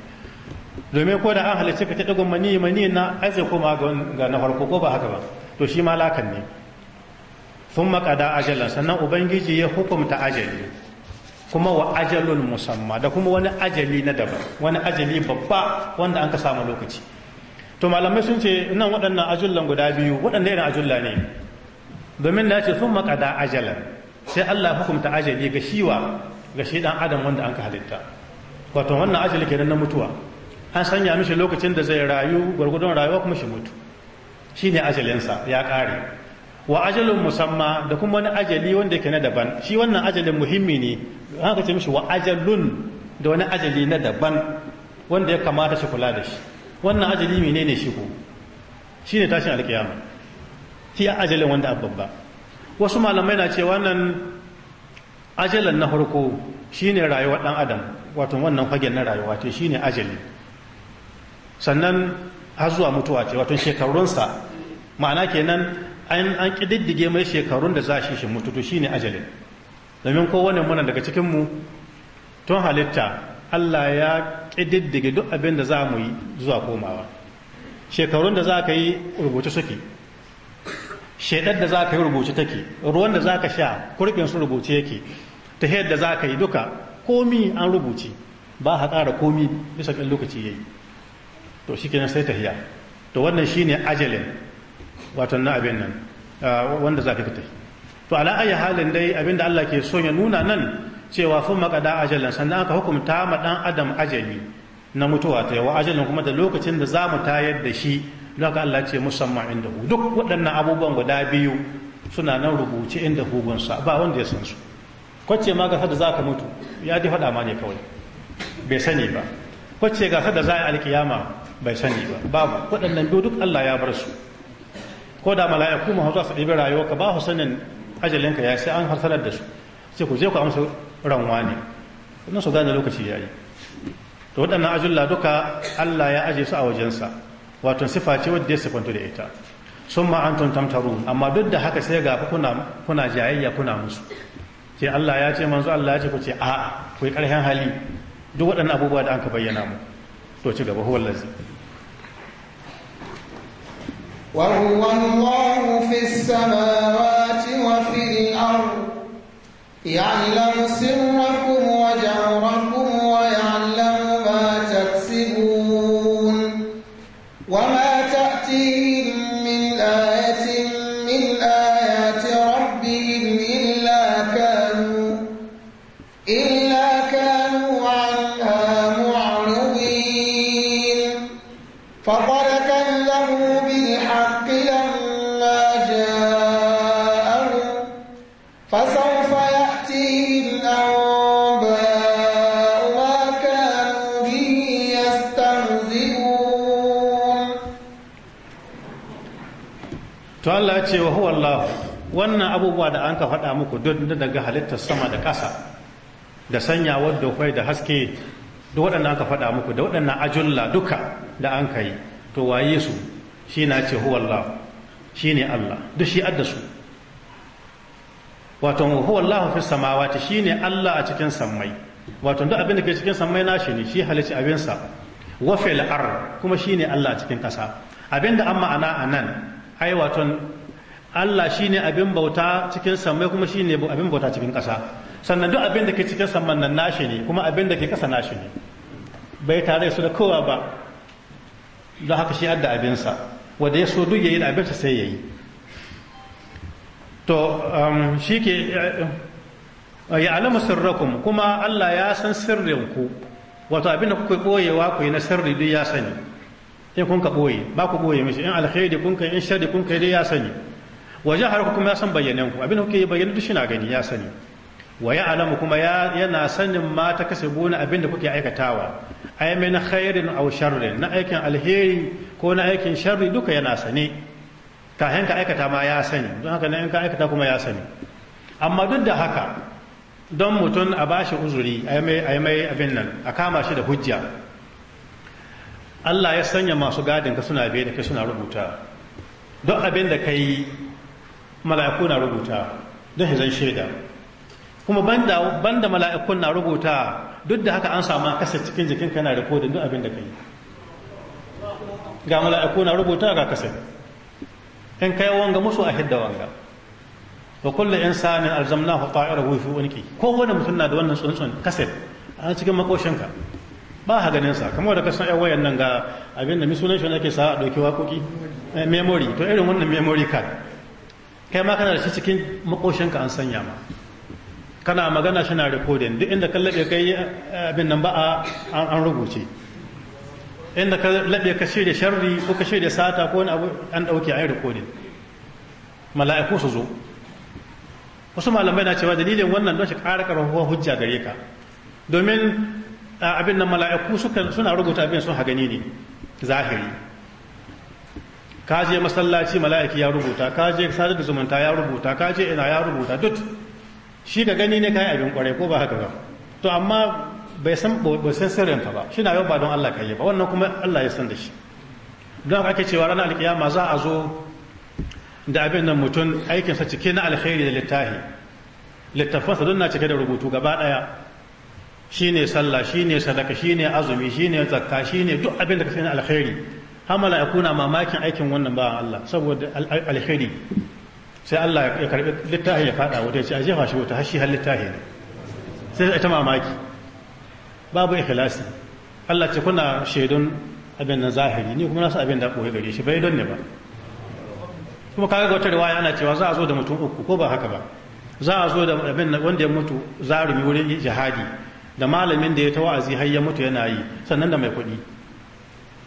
domin ko da an halicce ka ta dagon mani mani na aje kuma ga na farko ko ba haka ba to shi ma lakan ne sun makada ajalan sannan ubangiji ya hukumta ajali kuma wa ajalun musamma da kuma wani ajali na daban wani ajali babba wanda an ka samu lokaci to malamai sun ce nan waɗannan ajullan guda biyu waɗanda irin ajulla ne domin na ce sun makada ajalan sai Allah hukumta ajali ga shiwa ga shi dan adam wanda an ka halitta wato wannan ajali kenan na mutuwa an sanya mishi lokacin da zai rayu gwargwadon rayuwa kuma shi mutu shine ajalinsa ya kare wa ajalin musamma da kuma wani ajali wanda yake na daban shi wannan ajalin muhimmi ne haka ce mishi wa ajalun da wani ajali na daban wanda ya kamata shi kula da shi wannan ajali menene shi ko shine tashin alkiyama fiye ajalin wanda a babba wasu malamai na ce wannan ajalin na harko shi ne rayuwar dan adam wato wannan fagen na rayuwa shi ne ajali sannan har zuwa mutuwa ce wato shekarunsa ma'ana kenan an an kididdige mai shekarun da za shi shi mutu to ne ajalin domin kowane muna daga cikinmu tun halitta Allah ya ƙididdige duk abin da za mu yi zuwa komawa shekarun da za ka yi rubuce suke shaidar da za ka yi rubuce take ruwan da za ka sha kurkin su rubuce yake ta da za ka yi duka komi an rubuce ba ha ƙara komi bisa ɗin lokaci ya yi to shi kenan sai ta hiya to wannan shi ne ajalin wato na abin nan wanda za ka fita to ala ayi halin dai abin da Allah ke son ya nuna nan cewa sun maƙada ajalin sannan aka hukumta ma ɗan adam ajali na mutuwa ta yawa ajalin kuma da lokacin da za mu tayar da shi don haka Allah ce musamman inda hu duk waɗannan abubuwan guda biyu suna nan rubuce inda hugunsa ba wanda ya san su kwace ma ga da za ka mutu ya ji faɗa ma ne kawai bai sani ba kwace ga da za a alkiyama bai sani ba babu waɗannan biyu duk Allah ya bar su ko da mala'iku ma za su rayuwa, ka ba su sanin ajalinka ya sai an harsanar da su sai ku je ku amsa ranwa ne wannan su gane lokaci ya yi to waɗannan ajulla duka Allah ya aje su a wajensa wato sifa ce wadda ya sifantu da ita sun ma antum amma duk da haka sai ga kuna kuna jayayya kuna musu ce Allah ya ce manzo Allah ya ce ku ce a ku yi hali duk waɗannan abubuwa da anka bayyana mu to ci gaba huwa lazi wa huwa Allah samawati wa ard ya'lamu sirrakum wa jahrakum Allah wannan abubuwa da an ka faɗa muku duk daga halittar sama da ƙasa da sanyawar kwai da haske da waɗanda an ka faɗa muku da waɗannan ajulla duka da an ka yi to waye su shi na ce huwallah shi ne Allah duk shi adda su wato huwallahu fi samawati shi ne Allah a cikin sammai wato duk abin da ke cikin sammai nashi ne shi halicci abinsa wa fil ar kuma shi ne Allah a cikin ƙasa abin da an ma'ana a nan ai wato Allah shi ne abin bauta cikin samai kuma shi ne abin bauta cikin ƙasa sannan duk abin da ke cikin samman nan nashi ne kuma abin da ke ƙasa nashi ne bai tare su da kowa ba don haka shi adda abinsa wanda ya so duk yayi da abinsa sai yayi to um, shi ke eh, ya alamu sirrakum kuma Allah ya san sirrinku wato abin da kuka koyewa ku yi na sirri duk ya sani in kun ka ɓoye ba ku ɓoye mishi in alkhairi kun kai in shari kun kai dai ya sani wajen harku kuma ya san bayyanen ku abin da kuke bayyana duk shina gani ya sani wa ya alamu kuma yana sanin ma ta kasa buna abin da kuke aikatawa ai min khairin aw sharrin na aikin alheri ko na aikin sharri duka yana sani. kahin hanka aikata ma ya sani don haka nan ka aikata kuma ya sani amma duk da haka don mutum a bashi uzuri a mai mai abin nan a kama shi da hujja Allah ya sanya masu gadin ka suna biye da kai suna rubuta don abin da ka yi mala'iku na rubuta don hizan shaida kuma banda banda na rubuta duk da haka an samu kasa cikin jikin kana rikodin duk abin da kai ga mala'iku na rubuta ga kasa in kai wanga musu a hidda wanga wa kullu insanin alzamnahu ta'irahu fi unki ko wani mutum na da wannan tsuntsun kaset a cikin makoshinka ba ha ganin sa kamar da ka san wayan nan ga abin da misunan shi ake sa a dauki wakoki eh, memory to irin wannan memory card kai ma kana da shi cikin makoshinka an sanya ma kana magana shi na rikodin duk inda ka laɓe kai eh, abin nan ba an rubuce inda ka laɓe ka shirya sharri ko ka shirya sata ko wani abu an ɗauke a yi rikodin mala'iku su zo wasu malamai na cewa dalilin wannan don shi ƙara ƙarfafa hujja gare ka domin eh, abin nan mala'iku suna rubuta abin sun hagani ne zahiri ka je masallaci mala'iki ya rubuta ka je sadar da zumunta ya rubuta ka je ina ya rubuta duk shi ka gani ne kai abin kwarai ko ba haka ba to amma bai san bai san sirrin ka ba shi na yau ba don Allah kai ba wannan kuma Allah ya san da shi don haka ake cewa ranar alkiyama za a zo da abin nan mutum aikin sa cike na alkhairi da littahi littafin sa na cike da rubutu gaba daya shine sallah shine sadaka shine azumi shine zakka shine duk abin da ka sani alkhairi hamala ya kuna mamakin aikin wannan ba Allah saboda alheri sai Allah ya karbi littafin ya fada wata ya ce a jefa shi wata hashi har littafi sai ta mamaki babu ikhlasi Allah ce kuna shaidun abin nan zahiri ni kuma nasu abin da koyi gare shi bai don ne ba kuma kaga ga wata riwaya ana cewa za a zo da mutum uku ko ba haka ba za a zo da abin wanda ya mutu zarumi wurin jihadi da malamin da ya ta wa'azi har ya mutu yana yi sannan da mai kuɗi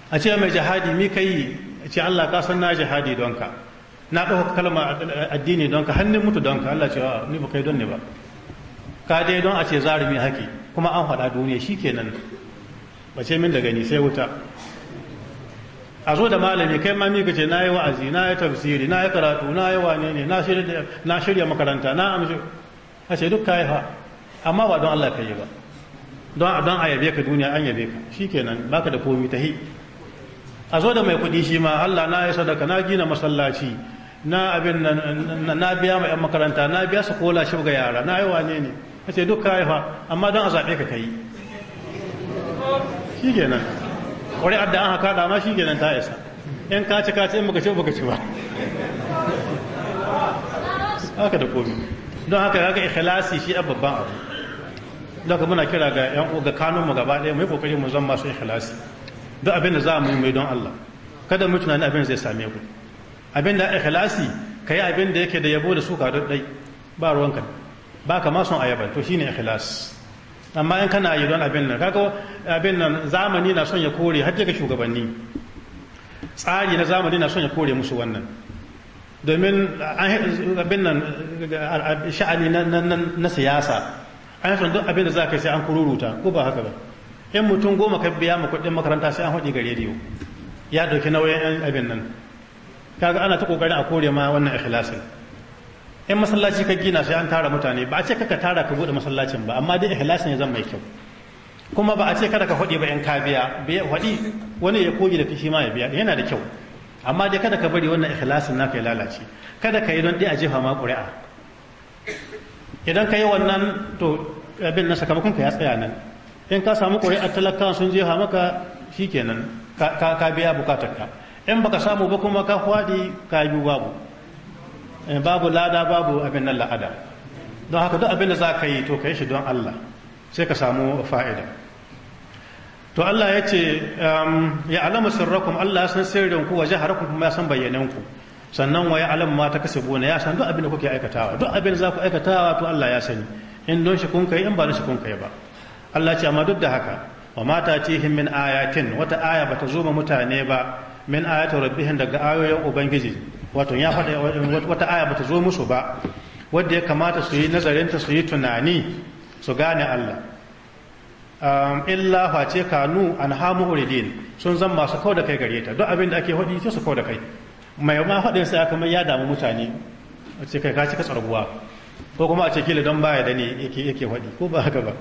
a ce mai jihadi mi kai a ce Allah ka san na jihadi don ka na ɗauka kalma addini don ka hannun mutu don ka Allah ce wa ah, ni ba kai don ne ba ka dai don a ce zarumi haki kuma an faɗa duniya shi kenan ba ce min da gani sai wuta a zo da malami kai ma mi ce na yi wa'azi na yi tafsiri na yi karatu na yi wane ne na shirya makaranta na amshi a ce duk kayi fa amma ba don Allah ka yi ba don a yabe ka duniya an yabe ka shi kenan baka da komi ta hi a zo da mai kuɗi shi ma Allah na ya sadaka na gina masallaci na abin na biya ma yan makaranta na biya su kola shi ga yara na yi wane ne ya ce duk kayi fa amma don a zaɓe ka kai shi kenan ƙuri'ar adda an haka da ma shi kenan ta isa yan kaci kaci in baka ce baka ci ba haka da komi don haka haka ikhlasi shi a babban abu don haka muna kira ga yan ga kanunmu gaba ɗaya mu yi kokari mu zama masu ikhlasi duk abin da za mu yi mai don Allah kada mu tunani abin zai same ku abin da ikhlasi kai abin da yake da yabo da suka don dai ba ruwan ruwanka ba ka ma son ayaba to shine ikhlas amma in kana yi don abin nan kaga abin nan zamani na son ya kore har daga shugabanni tsari na zamani na son ya kore musu wannan domin abin nan sha'ani na siyasa an yi duk abin da za ka yi sai an kururuta ko ba haka ba in mutum goma ka biya ma kuɗin makaranta sai an haɗe ga rediyo ya ɗauki nauyin yan abin nan kaga ana ta ƙoƙarin a kore ma wannan ikhlasin in masallaci ka gina sai an tara mutane ba a ce kaka tara ka bude masallacin ba amma dai ikhlasin ya zan mai kyau kuma ba a ce kada ka haɗe ba yan ka biya haɗi wani ya kogi da fishi ma ya biya yana da kyau amma dai kada ka bari wannan ikhlasin naka ya lalace kada ka yi don dai a jefa ma ƙuri'a idan ka yi wannan to abin na sakamakon ka ya tsaya nan in ka samu ƙuri'ar talakawa sun jefa maka kenan ka biya ka in baka samu ba kuma ka faɗi ka yi babu eh, babu lada babu abin nan la'ada don haka duk abin da za ka yi to ka yi shi don Allah sai ka samu fa'ida to Allah ya ce um, ya alama sirrakum Allah ya san sirrin ku waje harakun kuma ya san bayyanan ku sannan wa ya alama ma ta kasa gona ya san duk abin da kuke aikatawa duk abin da za ku aikatawa to Allah ya sani in don shi kun kai in ba don shi kun kai ba Allah ce amma duk da haka wa mata tihim min ayatin wata aya bata zo ma mutane ba min ayatu rabbihin daga ayoyin ubangiji wato ya fada wata aya bata zo musu ba wanda ya kamata su yi nazarin ta su yi tunani su gane Allah illa ce kanu an hamu uridin sun zan masu kau da kai gare ta duk abin da ake hodi sai su kau da kai mai ma fadin sai aka mai ya damu mutane a ce kai ka cika tsarguwa ko kuma a ce kila don baya da ne yake hodi ko ba haka ba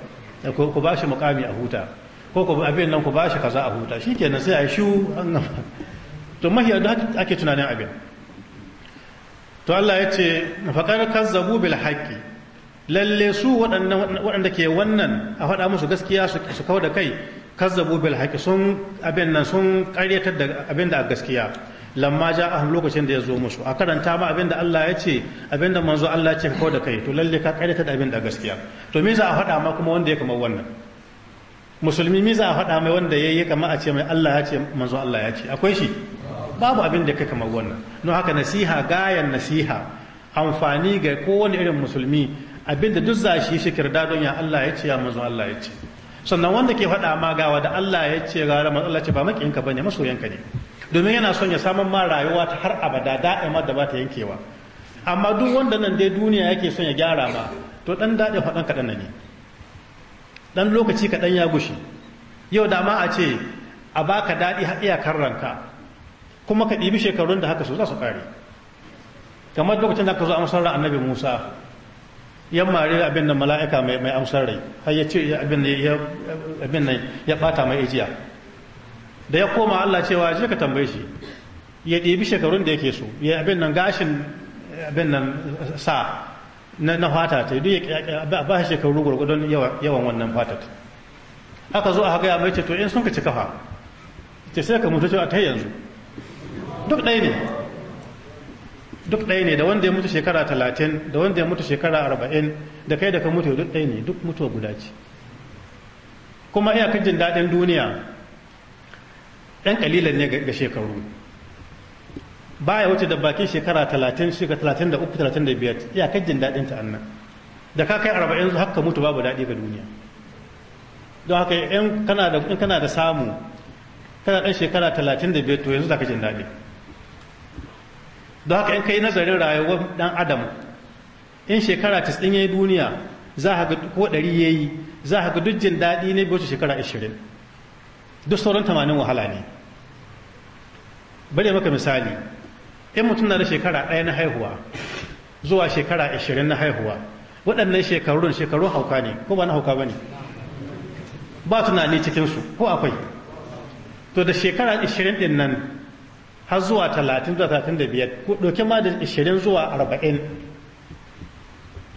ku ba shi mukami a huta ko ku abin nan ku ba shi kaza a huta shi kenan sai a yi shu to mahiyar da ake tunanin abin to Allah ya ce faƙar kazzabu bil haƙƙi lalle su waɗanda ke wannan a faɗa musu gaskiya su kawo da kai kazzabu bil haƙƙi sun abin nan sun ƙaryatar da abin da a gaskiya lamma ja a lokacin da ya zo musu a karanta ma abinda Allah ya ce abinda manzo Allah ya ce ko da kai to lalle ka karyata da abinda gaskiya to me za a faɗa ma kuma wanda ya kamar wannan musulmi me za a faɗa mai wanda ya yi kama a ce mai Allah ya ce manzo Allah ya ce akwai shi babu abin da kai kamar wannan no haka nasiha gayan nasiha amfani ga kowane irin musulmi abinda duk za shi shikir don ya Allah ya ce ya manzo Allah ya ce sannan wanda ke faɗa ma gawa da Allah ya ce ga manzo Allah ya ce ba makiyinka bane masoyanka ne domin yana son ya samun ma rayuwa ta har abada da'ima da ba ta yankewa amma duk wanda nan dai duniya yake son ya gyara ma to dan daɗe faɗan kaɗan ne dan lokaci kaɗan ya gushi yau da ma a ce a baka daɗi har iyakar ranka kuma ka ɗibi shekarun da haka su za su ƙare kamar lokacin da aka zo amsar ran annabi musa yan mare abin da mala'ika mai amsar rai har ya ce abin nan ya ɓata mai ijiya da ya koma Allah cewa je ka tambaye shi ya ɗibi shekarun da yake so ya abin nan gashin abin nan eh, sa na fata ta duk ya ba shi shekaru gurgudun yawan wannan fatat aka zo a haka ya mai to in sun ka ci kafa ce sai ka mutu cewa ta yanzu duk ɗaya ne duk ɗaya ne da wanda ya mutu shekara talatin da wanda ya mutu shekara arba'in da kai da ka mutu duk ɗaya ne duk mutuwa guda ce kuma iyakar jin daɗin duniya ɗan ƙalilan ne ga shekaru baya wuce da bakin shekara talatin shekara talatin da uku talatin da biyar iyakar jin daɗin ta annan da ka kai arba'in haka mutu babu daɗi ga duniya don haka in kana da samu kana ɗan shekara talatin da biyar to yanzu za ka jin daɗi don haka in kai nazarin rayuwar ɗan adam in shekara 90 ya yi duniya za ka ko ɗari ya yi za ka duk jin daɗi ne bai wuce shekara 20 duk sauran tamanin wahala ne bari maka misali in mutum na da shekara ɗaya na haihuwa zuwa shekara ashirin na haihuwa waɗannan shekarun shekaru hauka ne ko ba na hauka ba ne ba tunani cikinsu ko akwai to da shekara ashirin ɗin nan har zuwa talatin zuwa talatin da biyar ko ɗauki ma da ashirin zuwa arba'in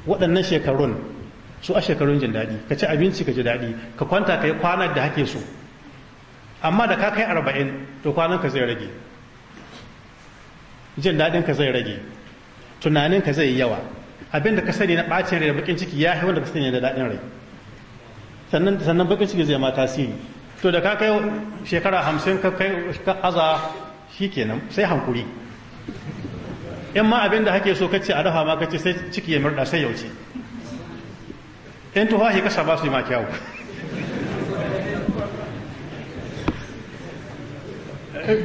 waɗannan shekarun su a shekarun jin daɗi ka ci abinci ka ji daɗi ka kwanta ka yi kwanar da hake su amma da ka kai arba'in to kwanan ka zai rage jin daɗin ka zai rage tunanin ka zai yawa abin da ka sani na ɓacin rai da bakin ciki ya wanda ka sani da daɗin rai sannan sannan bakin ciki zai ma tasiri to da ka kai shekara hamsin ka kai ka aza shi kenan sai hankuri in ma abin da hake so ka ce a dafa ma ka ce sai ciki ya murɗa sai yauce in shi kasa ba su yi ma kyawu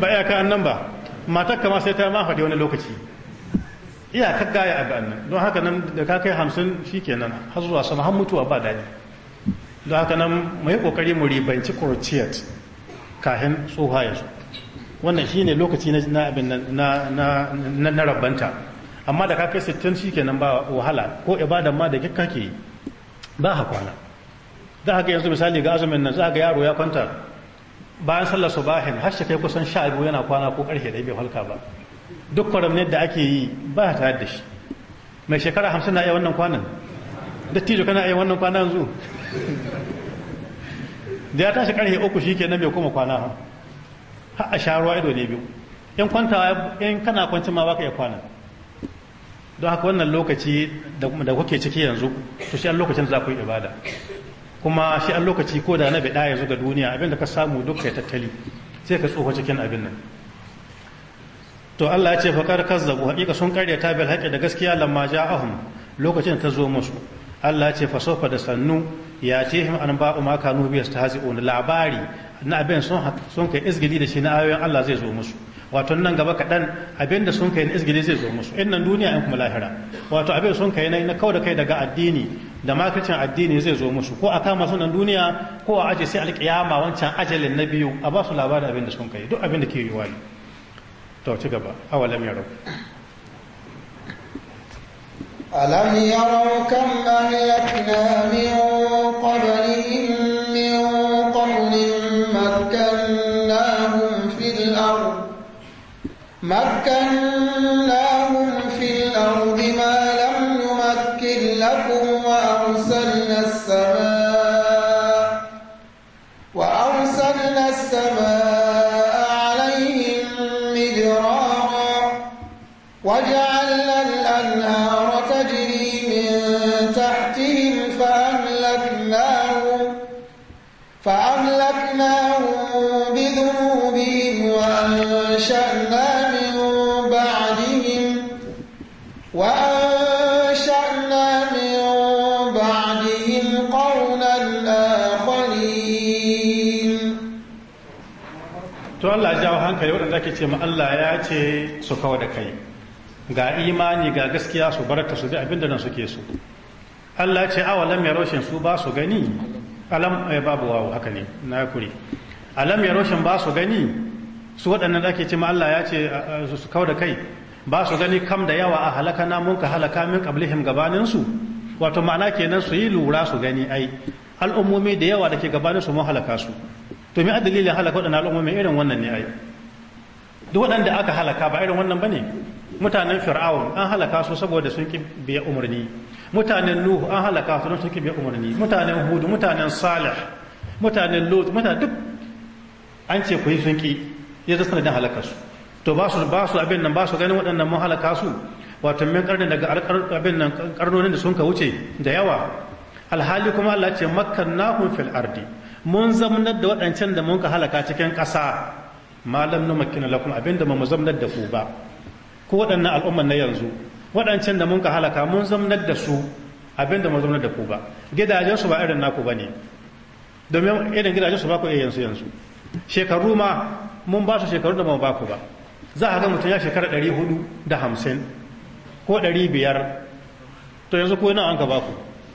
ba ya ka nan ba matar kama sai ta mafa faɗi wani lokaci iyakar gaya a nan don haka nan da ka kai hamsin shi kenan har zuwa sama har mutuwa ba daɗi don haka nan mu yi ƙoƙari mu ribanci kurciyat kahin tsoha ya su wannan shi ne lokaci na abin na rabanta amma da ka kai sittin shi kenan ba wahala ko ibadan ma da kika ke ba ha kwana da haka yanzu misali ga azumin nan za ga yaro ya kwanta bayan sallar subahin har shi kai kusan sha biyu yana kwana ko karshe da bai halka ba duk kwaramnin da ake yi ba ta da shi mai shekara hamsin na iya wannan kwanan dattijo kana iya wannan kwanan yanzu da ya tashi karfe uku shi ke nan bai kuma kwana ha har a sha ruwa ido ne biyu in kwanta in kana kwanci ma baka iya kwana don haka wannan lokaci da kuke ciki yanzu to shi lokacin za ku yi ibada kuma shi an lokaci ko da na bida ya ga duniya abin da ka samu duk kai tattali sai ka tsoho cikin abin nan to Allah ya ce kar kazzabu haqiqa sun karya ta bil haqi da gaskiya lamma ja'ahum lokacin ta zo musu Allah ya ce fa sofa da sannu ya him an ba'u ma kanu bi yastahzi'un labari na abin sun sun kai izgili da shi na ayoyin Allah zai zo musu wato nan gaba kaɗan abin da sun kai na izgili zai zo musu in nan duniya in kuma lahira wato abin sun kai na kau da kai daga addini da makacin addini zai zo musu ko a kama sunan duniya ko a aje sai alƙiyama wancan ajalin na biyu a ba su labarin abin da sun kai duk abin da ke yiwuwa ne to ci gaba awalam yarau ألم يروا كم أهلكنا من قبلهم من قرن مكناهم في hankali waɗanda ake ce ma Allah ya ce su kawo da kai ga imani ga gaskiya su barata su bi abin da nan suke su Allah ce awalam ya roshin su ba su gani alam eh, babu wawo haka ne na kure alam ya roshin ba su gani su waɗannan da ake ce ma Allah ya ce su kawo da kai ba su gani kam da yawa a halaka na mun ka halaka min qablihim gabanin su wato ma'ana kenan su yi lura su gani ai al'ummomi da yawa da ke gabanin su mun halaka su to me dalilin halaka waɗannan al'ummomi irin wannan ne ai duk waɗanda aka halaka ba irin wannan bane mutanen fir'aun an halaka su saboda sun ki biya umarni mutanen nuhu an halaka su don sun ki biya umarni mutanen hudu mutanen salih mutanen lut mutanen duk an ce ku yi sun ki ya zasta da halaka su to ba su ba su abin nan ba su ganin waɗannan mun halaka su wato min karni daga abin nan karnonin da sun ka wuce da yawa alhali kuma Allah ce makkannahum fil ardi mun zamanar da waɗancan da mun ka halaka cikin ƙasa malam na makina lakum abinda mu zamnar da ku ba ko waɗannan al'ummar na yanzu waɗancan da mun ka halaka mun zamnar da su abinda mu zamnar da ku ba gidajen su ba irin naku bane domin irin gidajen su ba ku yanzu yanzu shekaru ma mun ba su shekaru da mu ba ku ba za a ga mutum ya shekara ɗari hudu da hamsin ko ɗari biyar to yanzu ko yana an ka ba ku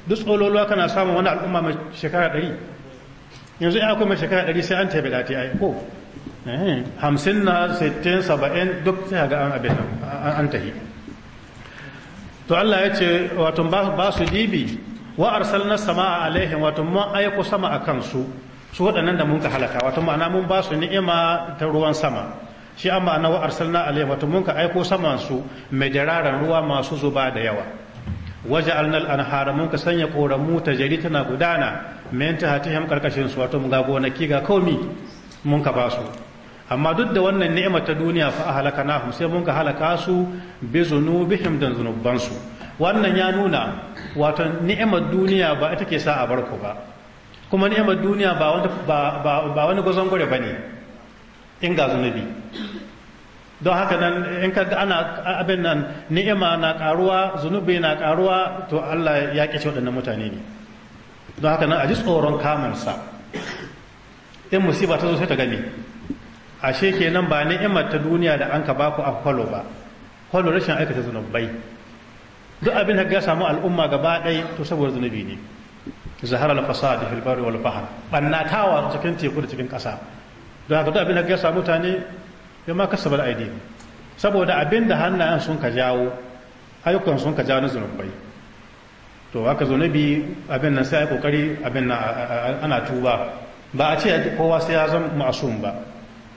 duk tsololuwa kana samun wani al'umma mai shekara ɗari yanzu ya akwai mai shekara ɗari sai an tabi ta ai ko Eh, hamsin na sittin saba'in duk sai ga an abin an tahi to Allah ya ce wato ba su dibi wa arsalna sama'a alaihim wato mun aiko sama a kansu su waɗannan da mun ka halaka wato ma'ana mun ba su ni'ima ta ruwan sama shi an ma'ana wa arsalna alaihim wato mun ka aiko saman su mai jararan ruwa masu zuba da yawa waje alnal anhara mun ka sanya koramu ta jari tana gudana min hatihim karkashin su wato mun ga gonaki ga kaumi mun ka ba su amma duk da wannan ni'ima ta duniya fa na sai mun ka halaka su bi zunubihim dan zunubansu wannan ya nuna wato ni'imar duniya ba ita ke sa a barku ba kuma ni'imar duniya ba wani ba wani gwazon gure bane in ga zunubi don haka nan in ka ana abin nan ni'ima na karuwa zunubi na karuwa to Allah ya kice waɗannan mutane ne don haka nan a ji tsoron kamansa in musiba ta zo sai ta gani ashe kenan ba ni'imar ta duniya da an ka ba ku kwalo ba kwalo rashin aikata zunubai duk abin da ya samu al'umma gaba ɗaya to saboda zunubi ne zahara al da da barri wal bahr bannatawa cikin teku da cikin ƙasa don haka duk abin da ya samu mutane ya ma kasa da aidi saboda abin da hannayen sun ka jawo ayyukan sun ka jawo na zunubai to haka zunubi abin nan sai a kokari abin nan ana tuba ba a ce kowa sai ya zama ma'asum ba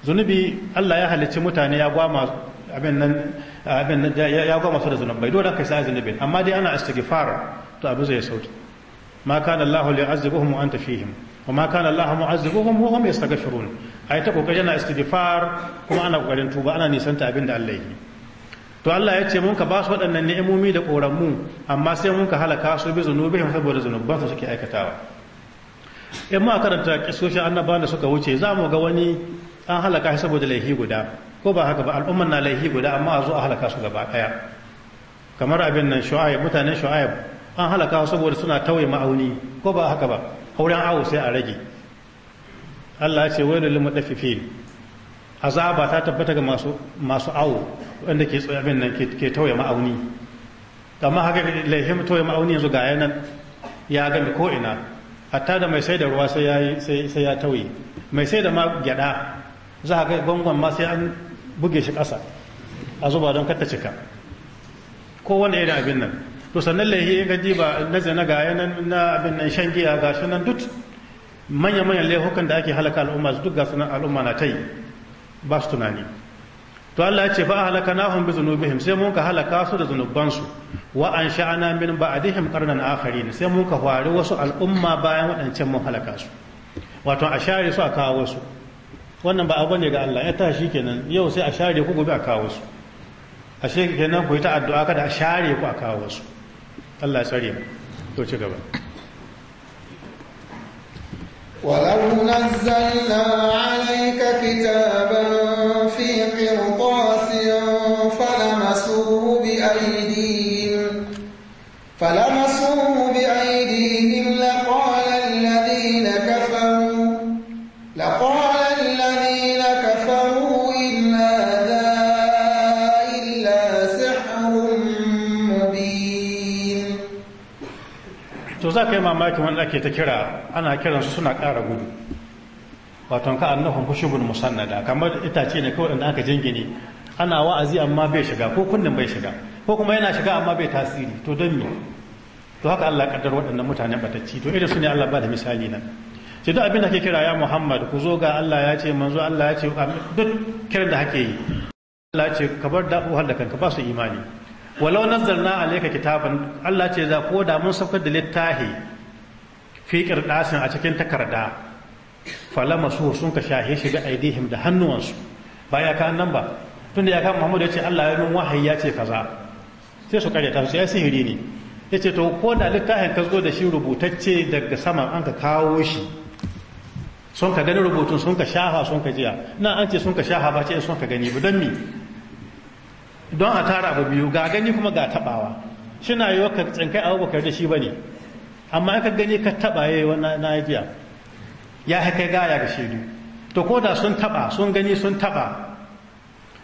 zunubi Allah ya halicci mutane ya gwama abin nan abin ya gwama masu da zunubai dole kai sai zunubin amma dai ana istighfar to abu zai sauki ma kana Allah li'azibuhum wa anta fihim wa ma kana Allahu mu'azibuhum wa hum yastaghfirun ai ta kokari ana istighfar kuma ana kokarin tuba ana nisanta abin da Allah yake to Allah ya ce mun ka ba su waɗannan ni'imomi da mu amma sai mun ka halaka su bi zunubihim saboda zunuban su suke aikatawa in ma karanta kisoshin annabawan da suka wuce za mu ga wani an halaka shi saboda laifi guda ko ba haka ba al'umman na laifi guda amma a zo a halaka su gaba daya kamar abin nan shu'aib mutanen shu'aib an halaka saboda suna tawaye ma'auni ko ba haka ba auren awo sai a rage Allah ya ce wai lil mudaffifin azaba ta tabbata ga masu masu awo wanda ke tsoya abin nan ke tawaye ma'auni amma haka laifin tawaye ma'auni yanzu ga yanan ya gami ko ina hatta da mai sai da ruwa sai ya sai tauye mai sai da ma gyada za kai bangon ma sai an buge shi ƙasa a zuba don kata cika kowane irin abin nan to sannan laihi in gaji ba na zina ga na abin nan shan giya ga shi nan duk manya-manyan laihukan da ake halaka al'umma duk ga sunan al'umma na ta yi ba su tunani to Allah ya ce a halaka na hun bi zunubihim sai mun ka halaka su da zunubansu wa an sha'ana min ba a dihim qarnan akharin sai mun ka fari wasu al'umma bayan waɗancan mun halaka su wato a share su a kawo wasu wannan ba abu ne ga Allah ya tashi kenan yau sai a share ku gobe a kawo su a shege kenan ku yi ta addu'a kada a share ku a kawo su Allah tsare mu to ci gaba ولو نزلنا عليك كتابا za ka yi mamakin wanda ake ta kira ana kiransu suna kara gudu waton ka annahum khushubun musannada kamar itace ne kawai da aka jingine ana wa'azi amma bai shiga ko kunnen bai shiga ko kuma yana shiga amma bai tasiri to don me to haka Allah kaddar waɗannan mutane batacci to irin su ne Allah ba da misali na sai duk abin da ke kira ya Muhammad ku zo ga Allah ya ce manzo Allah ya ce duk kiran da hake yi Allah ya ce ka bar da da kanka ba su imani walau nazzalna alaika kitabun Allah ce za ko da mun saukar da littafi fi qirdasin a cikin takarda fala su sun ka shahe shi ga aidihim da hannuwansu Ba ya kan nan ba tunda ya kan Muhammad ya ce Allah ya min wahayi ya ce kaza sai su karyata su ya sihiri ne ce to ko da littafin ka zo da shi rubutacce daga sama an ka kawo shi sun ka gani rubutun sun ka shaha sun ka jiya na an ce sun ka shaha ba ce sun ka gani ba don mi don a tara abu biyu ga gani kuma ga tabawa shina yi ka tsinkai abubakar da shi bane amma ka gani ka taba yayi wannan na ya haka gaya ga shaidu, to ko da sun taba sun gani sun taba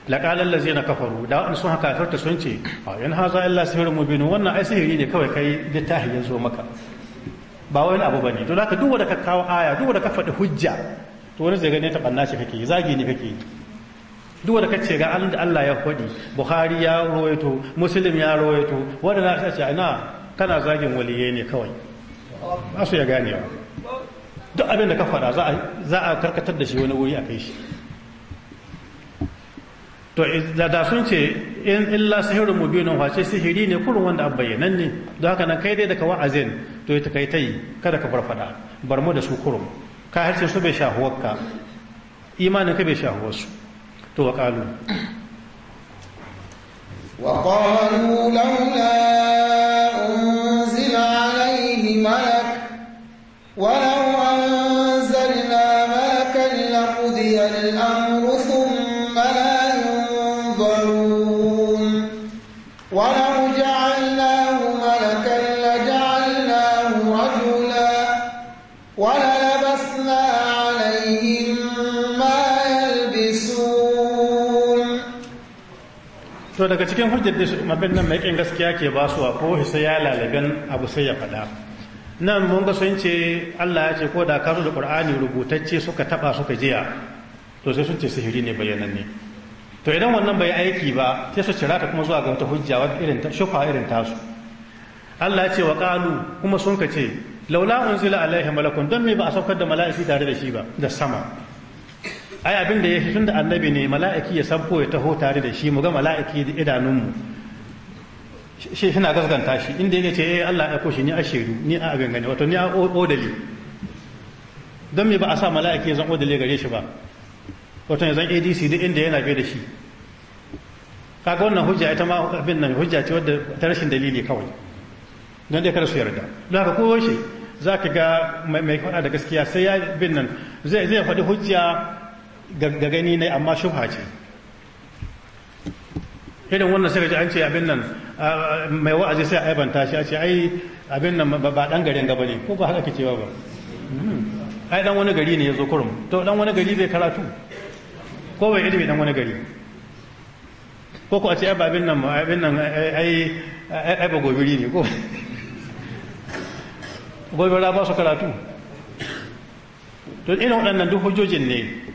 laqalal ladzina kafaru da wani sun haka tarta sun ce a yan haza illa sihirun mubin wannan ai sihiri ne kawai kai littafi ya zo maka ba wani abu bane to zaka duk wanda ka kawo aya duk wanda ka faɗi hujja to wani zai gani ta banna shi kake zagi ne kake duk wanda kace ga Allah ya faɗi Bukhari ya rawaito Muslim ya rawaito wanda na ce ina kana zagin waliye ne kawai asu ya gane ba duk abin da ka faɗa za a karkatar da shi wani wuri a kai shi to da sun ce in illa sihirin mubinin wace sihiri ne kurun wanda an bayyanan ne don haka nan kai dai daga wa'azin to ya kai ta kada ka farfada bar mu da su kurum ka harshe su bai shahuwarka imanin ka bai shahuwarsu to wa qalu wa qalu laula unzila alayhi to daga cikin hujjar da mabin nan mai gaskiya ke ba su ko sai ya lalagan abu sai ya faɗa nan mun ga sun ce Allah ya ce ko da karu da Qur'ani rubutacce suka taba suka jiya to sai sun ce sihiri ne ne. to idan wannan bai aiki ba sai su cira ta kuma zuwa ga wata hujja wata irin ta shufa irin tasu Allah ya ce wa qalu kuma sun ka ce laula unzila alaihi malakun don me ba a saukar da mala'iki tare da shi ba da sama ai abin da ya fi tunda annabi ne mala'iki ya sabko ya taho tare da shi mu ga mala'iki da idanunmu shi suna gaskanta shi inda ya ce eh Allah ya koshi ni a shedu ni a abin gani wato ni a odali don me ba a sa mala'iki ya zan odali gare shi ba wato ya zan adc duk inda yana bai da shi kaga wannan hujja ita ma abin nan hujja ce wadda ta rashin dalili kawai don dai kar su yarda don haka kowace za ka ga mai faɗa da gaskiya sai ya bin nan zai faɗi hujja ga gani ne amma shubha ce irin wannan sai an ce abin nan mai wa'azi sai aibanta shi a ce ai abin nan ba dan garin gaba ne ko ba haka ke cewa ba hmm. ai dan wani gari ne ya zo kurum to dan wani gari bai karatu ko bai ilimi dan wani gari ko ko a ce ba abin nan abin nan ai ai ba gobiri ne ko gobira ba su karatu to irin waɗannan duk hujjojin ne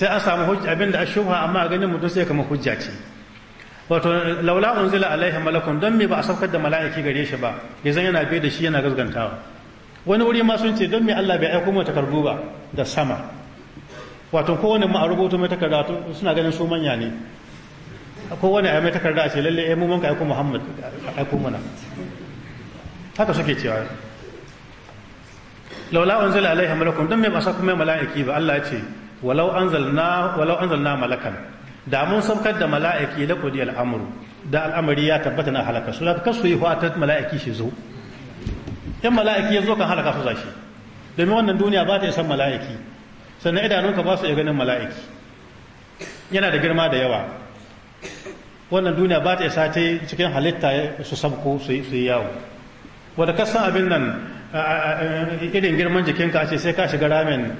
sai an samu hujja abinda a shubha amma a ganin mutum sai kama hujja ce wato laula unzila alaihi malakun don me ba a saukar da mala'iki gare shi ba yanzu yana bai da shi yana gazgantawa wani wuri ma sun ce don me Allah bai aiko mu takardu ba da sama wato kowane ma a rubuta mai takarda suna ganin su manya ne kowane a mai takarda a ce lalle eh mu mun ka aiko Muhammad aiko mana haka suke cewa laula unzila alaihi malakun don me ba a saukar mai mala'iki ba Allah ya ce walau anzalna walau malakan da mun saukar da mala'iki da kudi al'amuru da al'amari ya tabbata na halaka su ka su yi fatat mala'iki shi zo in mala'iki ya zo kan halaka su zashi domin wannan duniya ba ta isan mala'iki sannan idanunka ba su iya ganin mala'iki yana da girma da yawa wannan duniya ba ta isa ta cikin halitta su sabko su yi yawo wadda abin nan irin girman jikinka a ce sai ka shiga ramin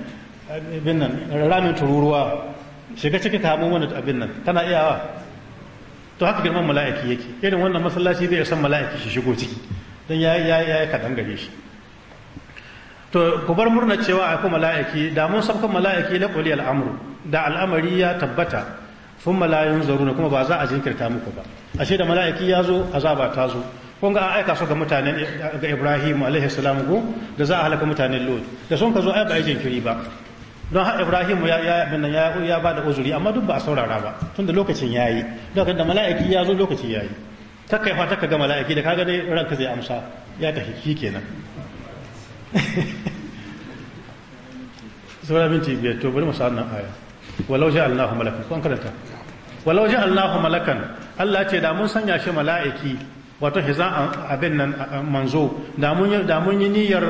abin nan ramin tururuwa shiga ciki ta hamu wani abin nan tana iyawa to haka girman mala'iki yake irin wannan masallaci zai san mala'iki shi shigo ciki don ya yi kaɗan gare shi to ku bar murna cewa kuma mala'iki da mun sabkan mala'iki na kuli al'amru da al'amari ya tabbata fun malayun na kuma ba za a jinkirta muku ba ashe da mala'iki ya zo azaba ta zo kun ga an aika su ga mutanen ga Ibrahim alaihi salam da za a halaka mutanen Lodi da sun ka zo ai ba ai jinkiri ba don har ibrahim ya abin ya ya ba da uzuri amma duk ba a saurara ba tun da lokacin yi lokacin da mala'iki ya zo lokaci yi ta kai fa ta ga mala'iki da kaga dai ranka zai amsa ya tafi shi kenan sura *laughs* binti biyar to bari mu sa aya walau allahu malakan ko an karanta walau allahu malakan Allah ce da mun sanya shi mala'iki wato hiza abin nan manzo da mun yi niyyar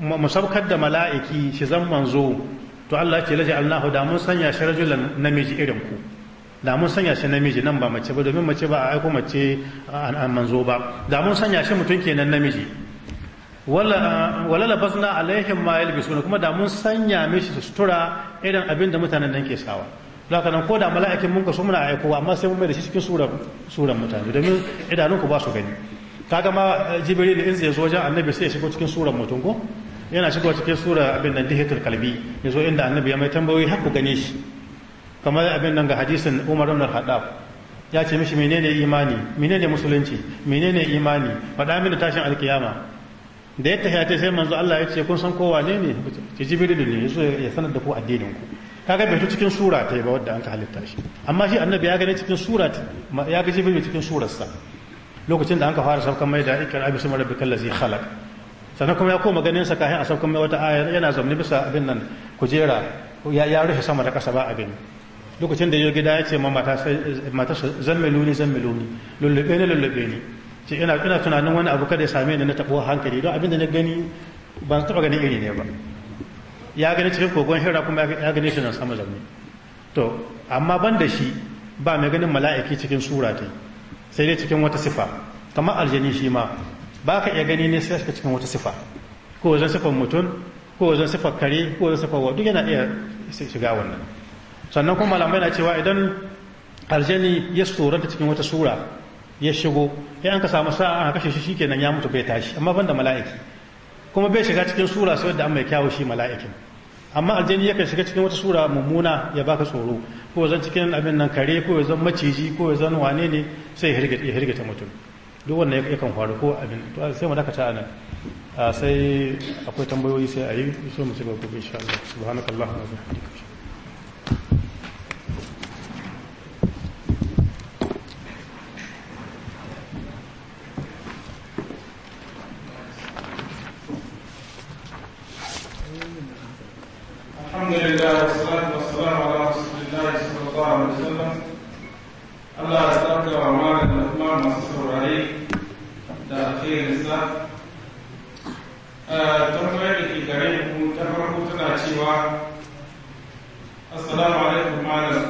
musabkar da mala'iki shi zan manzo to Allah ce laji Allahu da mun sanya shi rajulan namiji irin ku da mun sanya shi namiji nan ba mace ba domin mace ba a aiko mace a manzo ba da mun sanya shi mutum kenan namiji wala labasna alaihim ma yalbisuna kuma da mun sanya mishi sutura irin abin da mutanen nan ke sawa laka nan ko da mala'ikin mun kaso muna aiko amma sai mun mai da shi cikin surar mutane domin idanunku ba su gani kaga ma eh, jibril in zai zo wajen annabi sai ya shigo cikin surar mutum ko yana shigo cikin sura abin nan dihitul kalbi ya zo inda annabi ya mai tambayoyi har ku gane shi kamar abin nan ga hadisin umar ibn al-khattab ya ce mishi menene imani menene musulunci menene imani faɗa min mini tashin alkiyama da ya tafiya sai manzo Allah ya ce kun san kowa ne ne ki ne yazo ya sanar da ku addinin ku kaga bai ta cikin sura ta ba wadda an ka halitta shi amma shi annabi ya gane cikin sura ya ga jibrilu cikin surarsa lokacin da an ka fara sabkan mai da ikra bi summa rabbikal ladzi khalaq sannan kuma ya koma ganin sa kafin a saukan mai wata aya yana zaune bisa abin nan kujera ya rufe sama da kasa ba abin lokacin da ya gida ya ce ma mata zan ni zan ni lullube ni lullube ni ce ina ina tunanin wani abu kada ya same ni na tabo hankali don abin da na gani ban taba ganin iri ne ba ya gani cikin kogon hira kuma ya gani shi nan sama zaune to amma ban da shi ba mai ganin mala'iki cikin sura ta sai dai cikin wata sifa kamar aljani shi ma ba ka iya gani ne sai ka cikin wata sifa ko wajen sifar mutum ko wajen sifar kare ko wajen sifar wadu yana iya shiga wannan sannan kuma malamai na cewa idan aljani ya tsoranta cikin wata sura ya shigo ya an ka samu sa'a a kashe shi kenan ya mutu bai tashi amma banda mala'iki kuma bai shiga cikin sura sai da an mai kyawu shi mala'ikin amma aljani yakan shiga cikin wata sura mummuna ya baka tsoro ko wajen cikin abin nan kare ko wajen maciji ko wajen wane ne sai ya hirgita mutum duk wannan kan faru ko abin to sai mu dakata a nan sai akwai tambayoyi sai a yi so mu ci gaba gobe insha Allah subhanakallahumma wa bihamdika الحمد لله والصلاة ala. Allah ya saka wa malam da kuma masu saurare da alkhairinsa eh, tambayar da ke gare mu ta farko tana cewa assalamu alaikum malam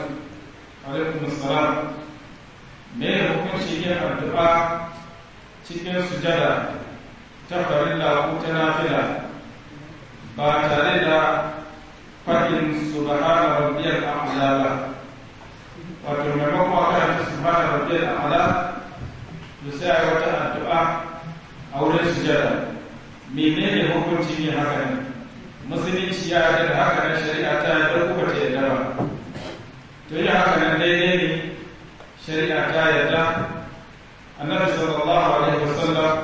alaikum assalam me ya hukunci yin addu'a cikin sujada ta farilla ko ta nafila ba tare da faɗin subhana rabbiyal a'la ba wato maimakon a karanta subhana rabbiyal a'la da sai a wata addu'a a wurin sujada menene hukunci ne haka ne musulunci ya yarda da haka nan shari'a ta yarda ko ta yarda ba to yi haka nan daidai ne shari'a ta yarda annabi sallallahu alaihi wasallam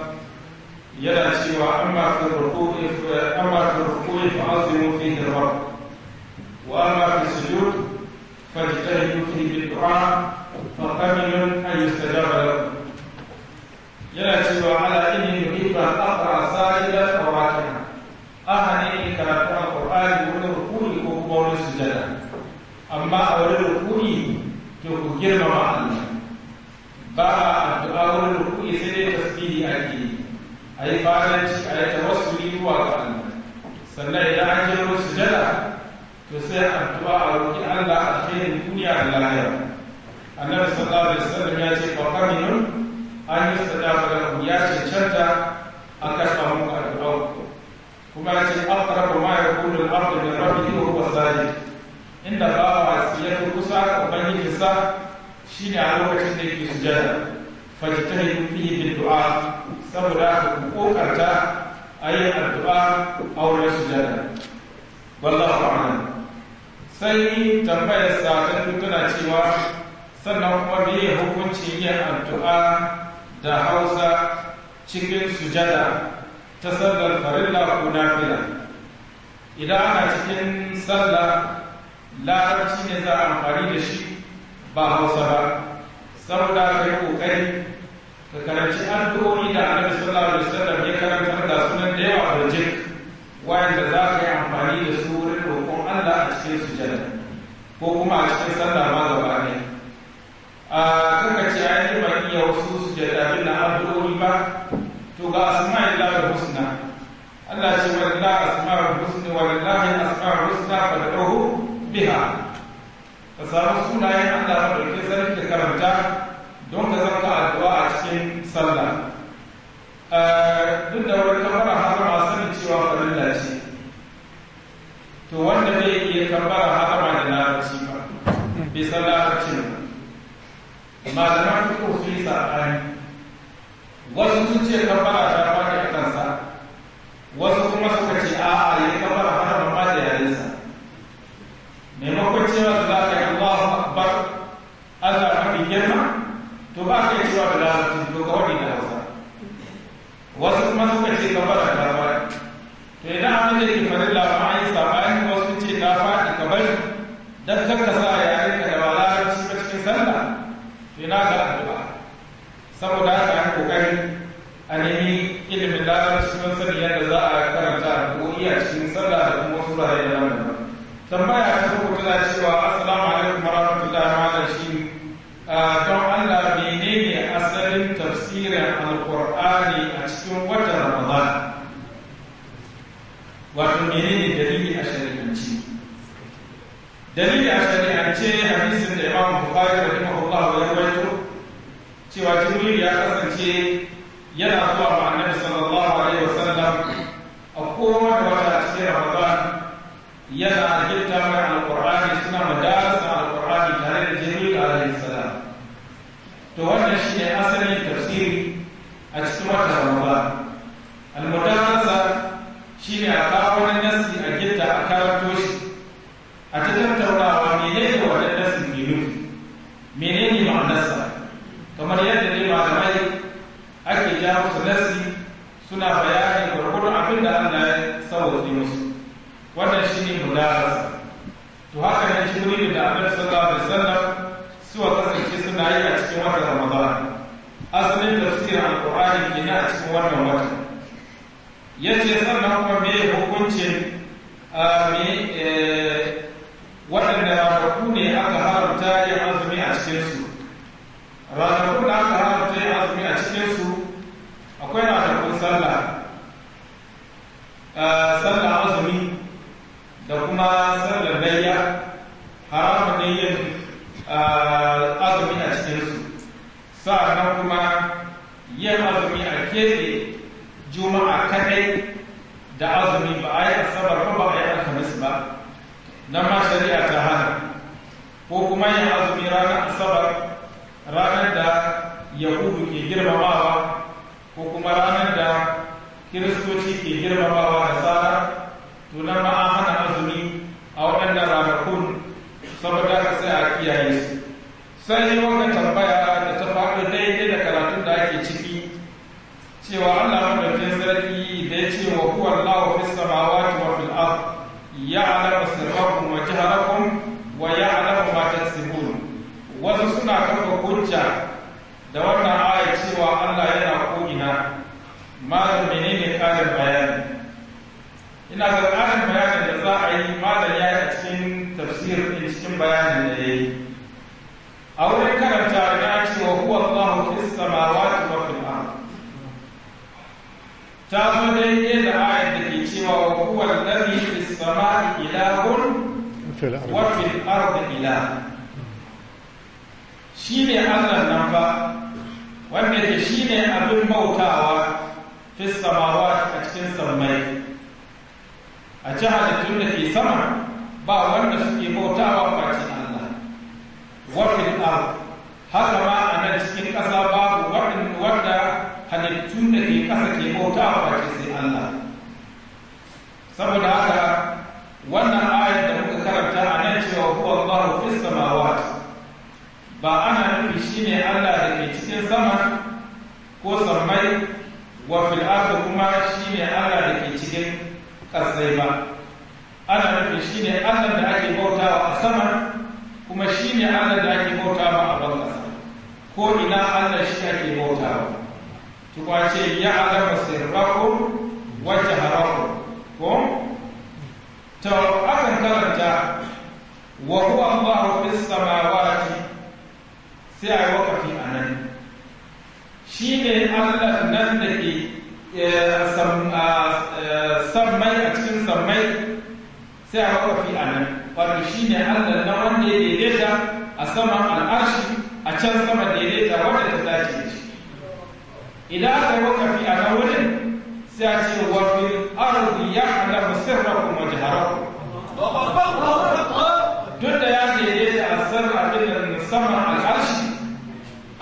yana cewa amma fi ruku'i amma fi ruku'i fa azimu fihi rabb wa amma fi sujud فاجتهدوا فيه بالقران فقبلوا ان يستجاب لهم ياتي وعلى ان يريد ان اقرا سائلا او راكعا. اهني اذا اقرا القران يقول ركوني وقبول السجاده اما اول ركوني يقول مع الله باع الدعاء للركوع سيدي تسبيحي أكيد أي فارج أي توسلي وقال سنة إلى أنجل وسجدة to sai addu'a a roƙi Allah alkhairin duniya da lahiya annabi sallallahu alaihi wasallam ya ce fa kaminun an yustadafa lahu ya ce canta an karɓa muku addu'a kuma ya ce aqrabu ma yakunu al-abdu min rabbihi wa huwa sajid inda bawa ya fi kusa ubangijinsa shine a lokacin da yake sujada fajtahidu fihi bil du'a saboda ku kokarta ayi addu'a a wurin sujada wallahu a'lam sai tambayar sa tuna cewa sannan kuma meye hukunci yin addu'a da hausa cikin sujada ta sallar farilla ko nafila idan ana cikin sallah larabci ne za a amfani da shi ba hausa ba saboda ka yi kokari ka karanci addu'o'i da annabi sallallahu da wasallam ya karantar da sunan da yawa da jik wayanda za ka yi amfani da su wurin sallah a cikin sujada ko kuma a cikin sallah ma gaba ne a kanka ce ai ba iya wasu sujada bin na addu'o'i ba to ga asma'il da husna Allah ce wa lillahi asma'u husna wa lillahi asma'u husna fad'uhu biha ka samu sunayen Allah da ke sarki da karanta don ka zama addu'a a cikin sallah duk da wani kamar harama sanin cewa farilla ce to wanda ne kabbara harama da larabci ba bai san larabcin ba malaman fito fi saɓani wasu sun ce kabbara ta faɗi a kansa wasu kuma suka ce a'a ya kabbara harama ma da yarensa maimakon cewa da za yi Allahu Akbar Allah mafi girma to ba ka yi cewa da larabci to ka waɗi da hausa wasu kuma suka ce ta to idan an ke labarai ka sa yayin da ba larabci cikin sallah to ina ga addu'a saboda haka an kokari a nemi ilimin larabci don sani yadda za a karanta ko a cikin sallah da kuma wasu rahayi na tambaya cewa jibril ya kasance yana zuwa ma'anar annabi sallallahu alaihi wasallam a kowane wata a cikin ramadan yana gifta mai alqur'ani suna madarasa alqur'ani tare da jibril alaihi salam to wannan shine asalin tafsiri a cikin wata ramadan almudarasa shine a kawo wani nasi a gifta a karanto shi a ta tattaunawa menene wannan nasin ke menene ma'anarsa suna bayanin gwargwadon abin da Allah ya sauwaƙi musu wannan shi ne mulabasa to haka ne shi jibril da abin annabi da alaihi wasallam suka kasance suna yi a cikin watan ramadan asalin tafsirin alqur'ani ke na a cikin wannan watan yace sannan kuma me hukuncin me e, waɗanda ranaku ne aka haramta ya azumi a cikinsu ranaku da aka haramta ya azumi a cikinsu akwai na sallah ah, sallah azumi da kuma sallar layya haramun ne yin ah, azumi a cikinsu sa'annan kuma yin azumi a keɓe juma'a kadai da azumi ba a yi asabar ko ba a yi alhamis ba don ma shari'a ta hana ko kuma yin azumi ranar asabar ranar da yahudu ke girmamawa ko kuma ranar da kiristoci ke girmamawa da tsara tunan ma azumi a waɗanda ranakun saboda ka sai a kiyaye su sai wannan tambaya da ta faɗo daidai da karatun da ake ciki cewa Allah ɗauke sarki da ya ce wa kuwa Allahu samawa ta wa fil ya alama sirrakun wa jaharakum wa ya alama ma taksibun wasu suna kafa hujja da wannan ina ga ƙarin bayanin da za a yi malam ya yi a cikin tafsir ɗin cikin bayanin da ya yi a wurin karanta na ce wa huwa Allahu fis samawati wa fil ard ta zo daidai da ayat da ke cewa wa huwa alladhi fis samai ilahun wa fil ard Shi ne Allah nan ba wanda shi ne abin bautawa fis samawati a cikin sammai a ci halittun da ke sama ba wanda suke bautawa face Allah Wafin fil haka ma a nan cikin ƙasa babu wanda halittun da ke ƙasa ke bautawa face sai Allah saboda haka wannan ayar da muka karanta a nan cewa huwa Allahu fis samawati ba ana nufi shine Allah da ke cikin sama ko sammai wa fil kuma kuma shine Allah da ke cikin kasai ba ana nufin shi ne allah da ake bauta wa a sama kuma shi ne allah da ake bauta wa a ban ƙasa ko ina allah shi ake bautawa tukwace ya alama sirrako wacce harako ko ta akan karanta wa huwa sama fis samawati sai a yi wakafi a nan shi ne allah nan da ke Eh, ah, eh, sammai a cikin sammai sai a wakafi a nan wato shi ne allah na wanda ya daidaita a sama al'arshi a can sama daidaita wanda ta dace da shi idan aka yi wakafi a nan wurin sai a ce wa fil ardi ya halafu sirrakum wa jaharakum duk da ya daidaita a sarra da saman al'arshi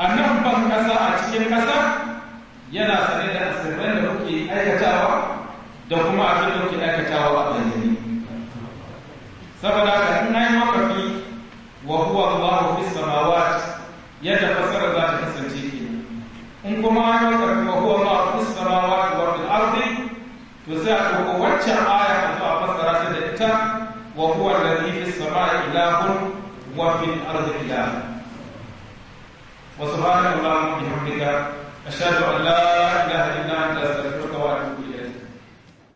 a nan ban kasa a cikin kasa yana sanin aikatawa da kuma abin da kuke aikatawa a bayyane saboda haka in nayi makafi wa huwa Allahu fis samawati yadda fasara za ta kasance ke in kuma nayi makafi wa huwa Allahu fis samawati wa fil ardi to sai a ɗauko waccan aya a zo a ta da ita wa huwa alladhi fis samai ilahun wa fil ardi ilahun wa subhanallahi wa bihamdika ashhadu an la ilaha illa anta astaghfiruka ancora più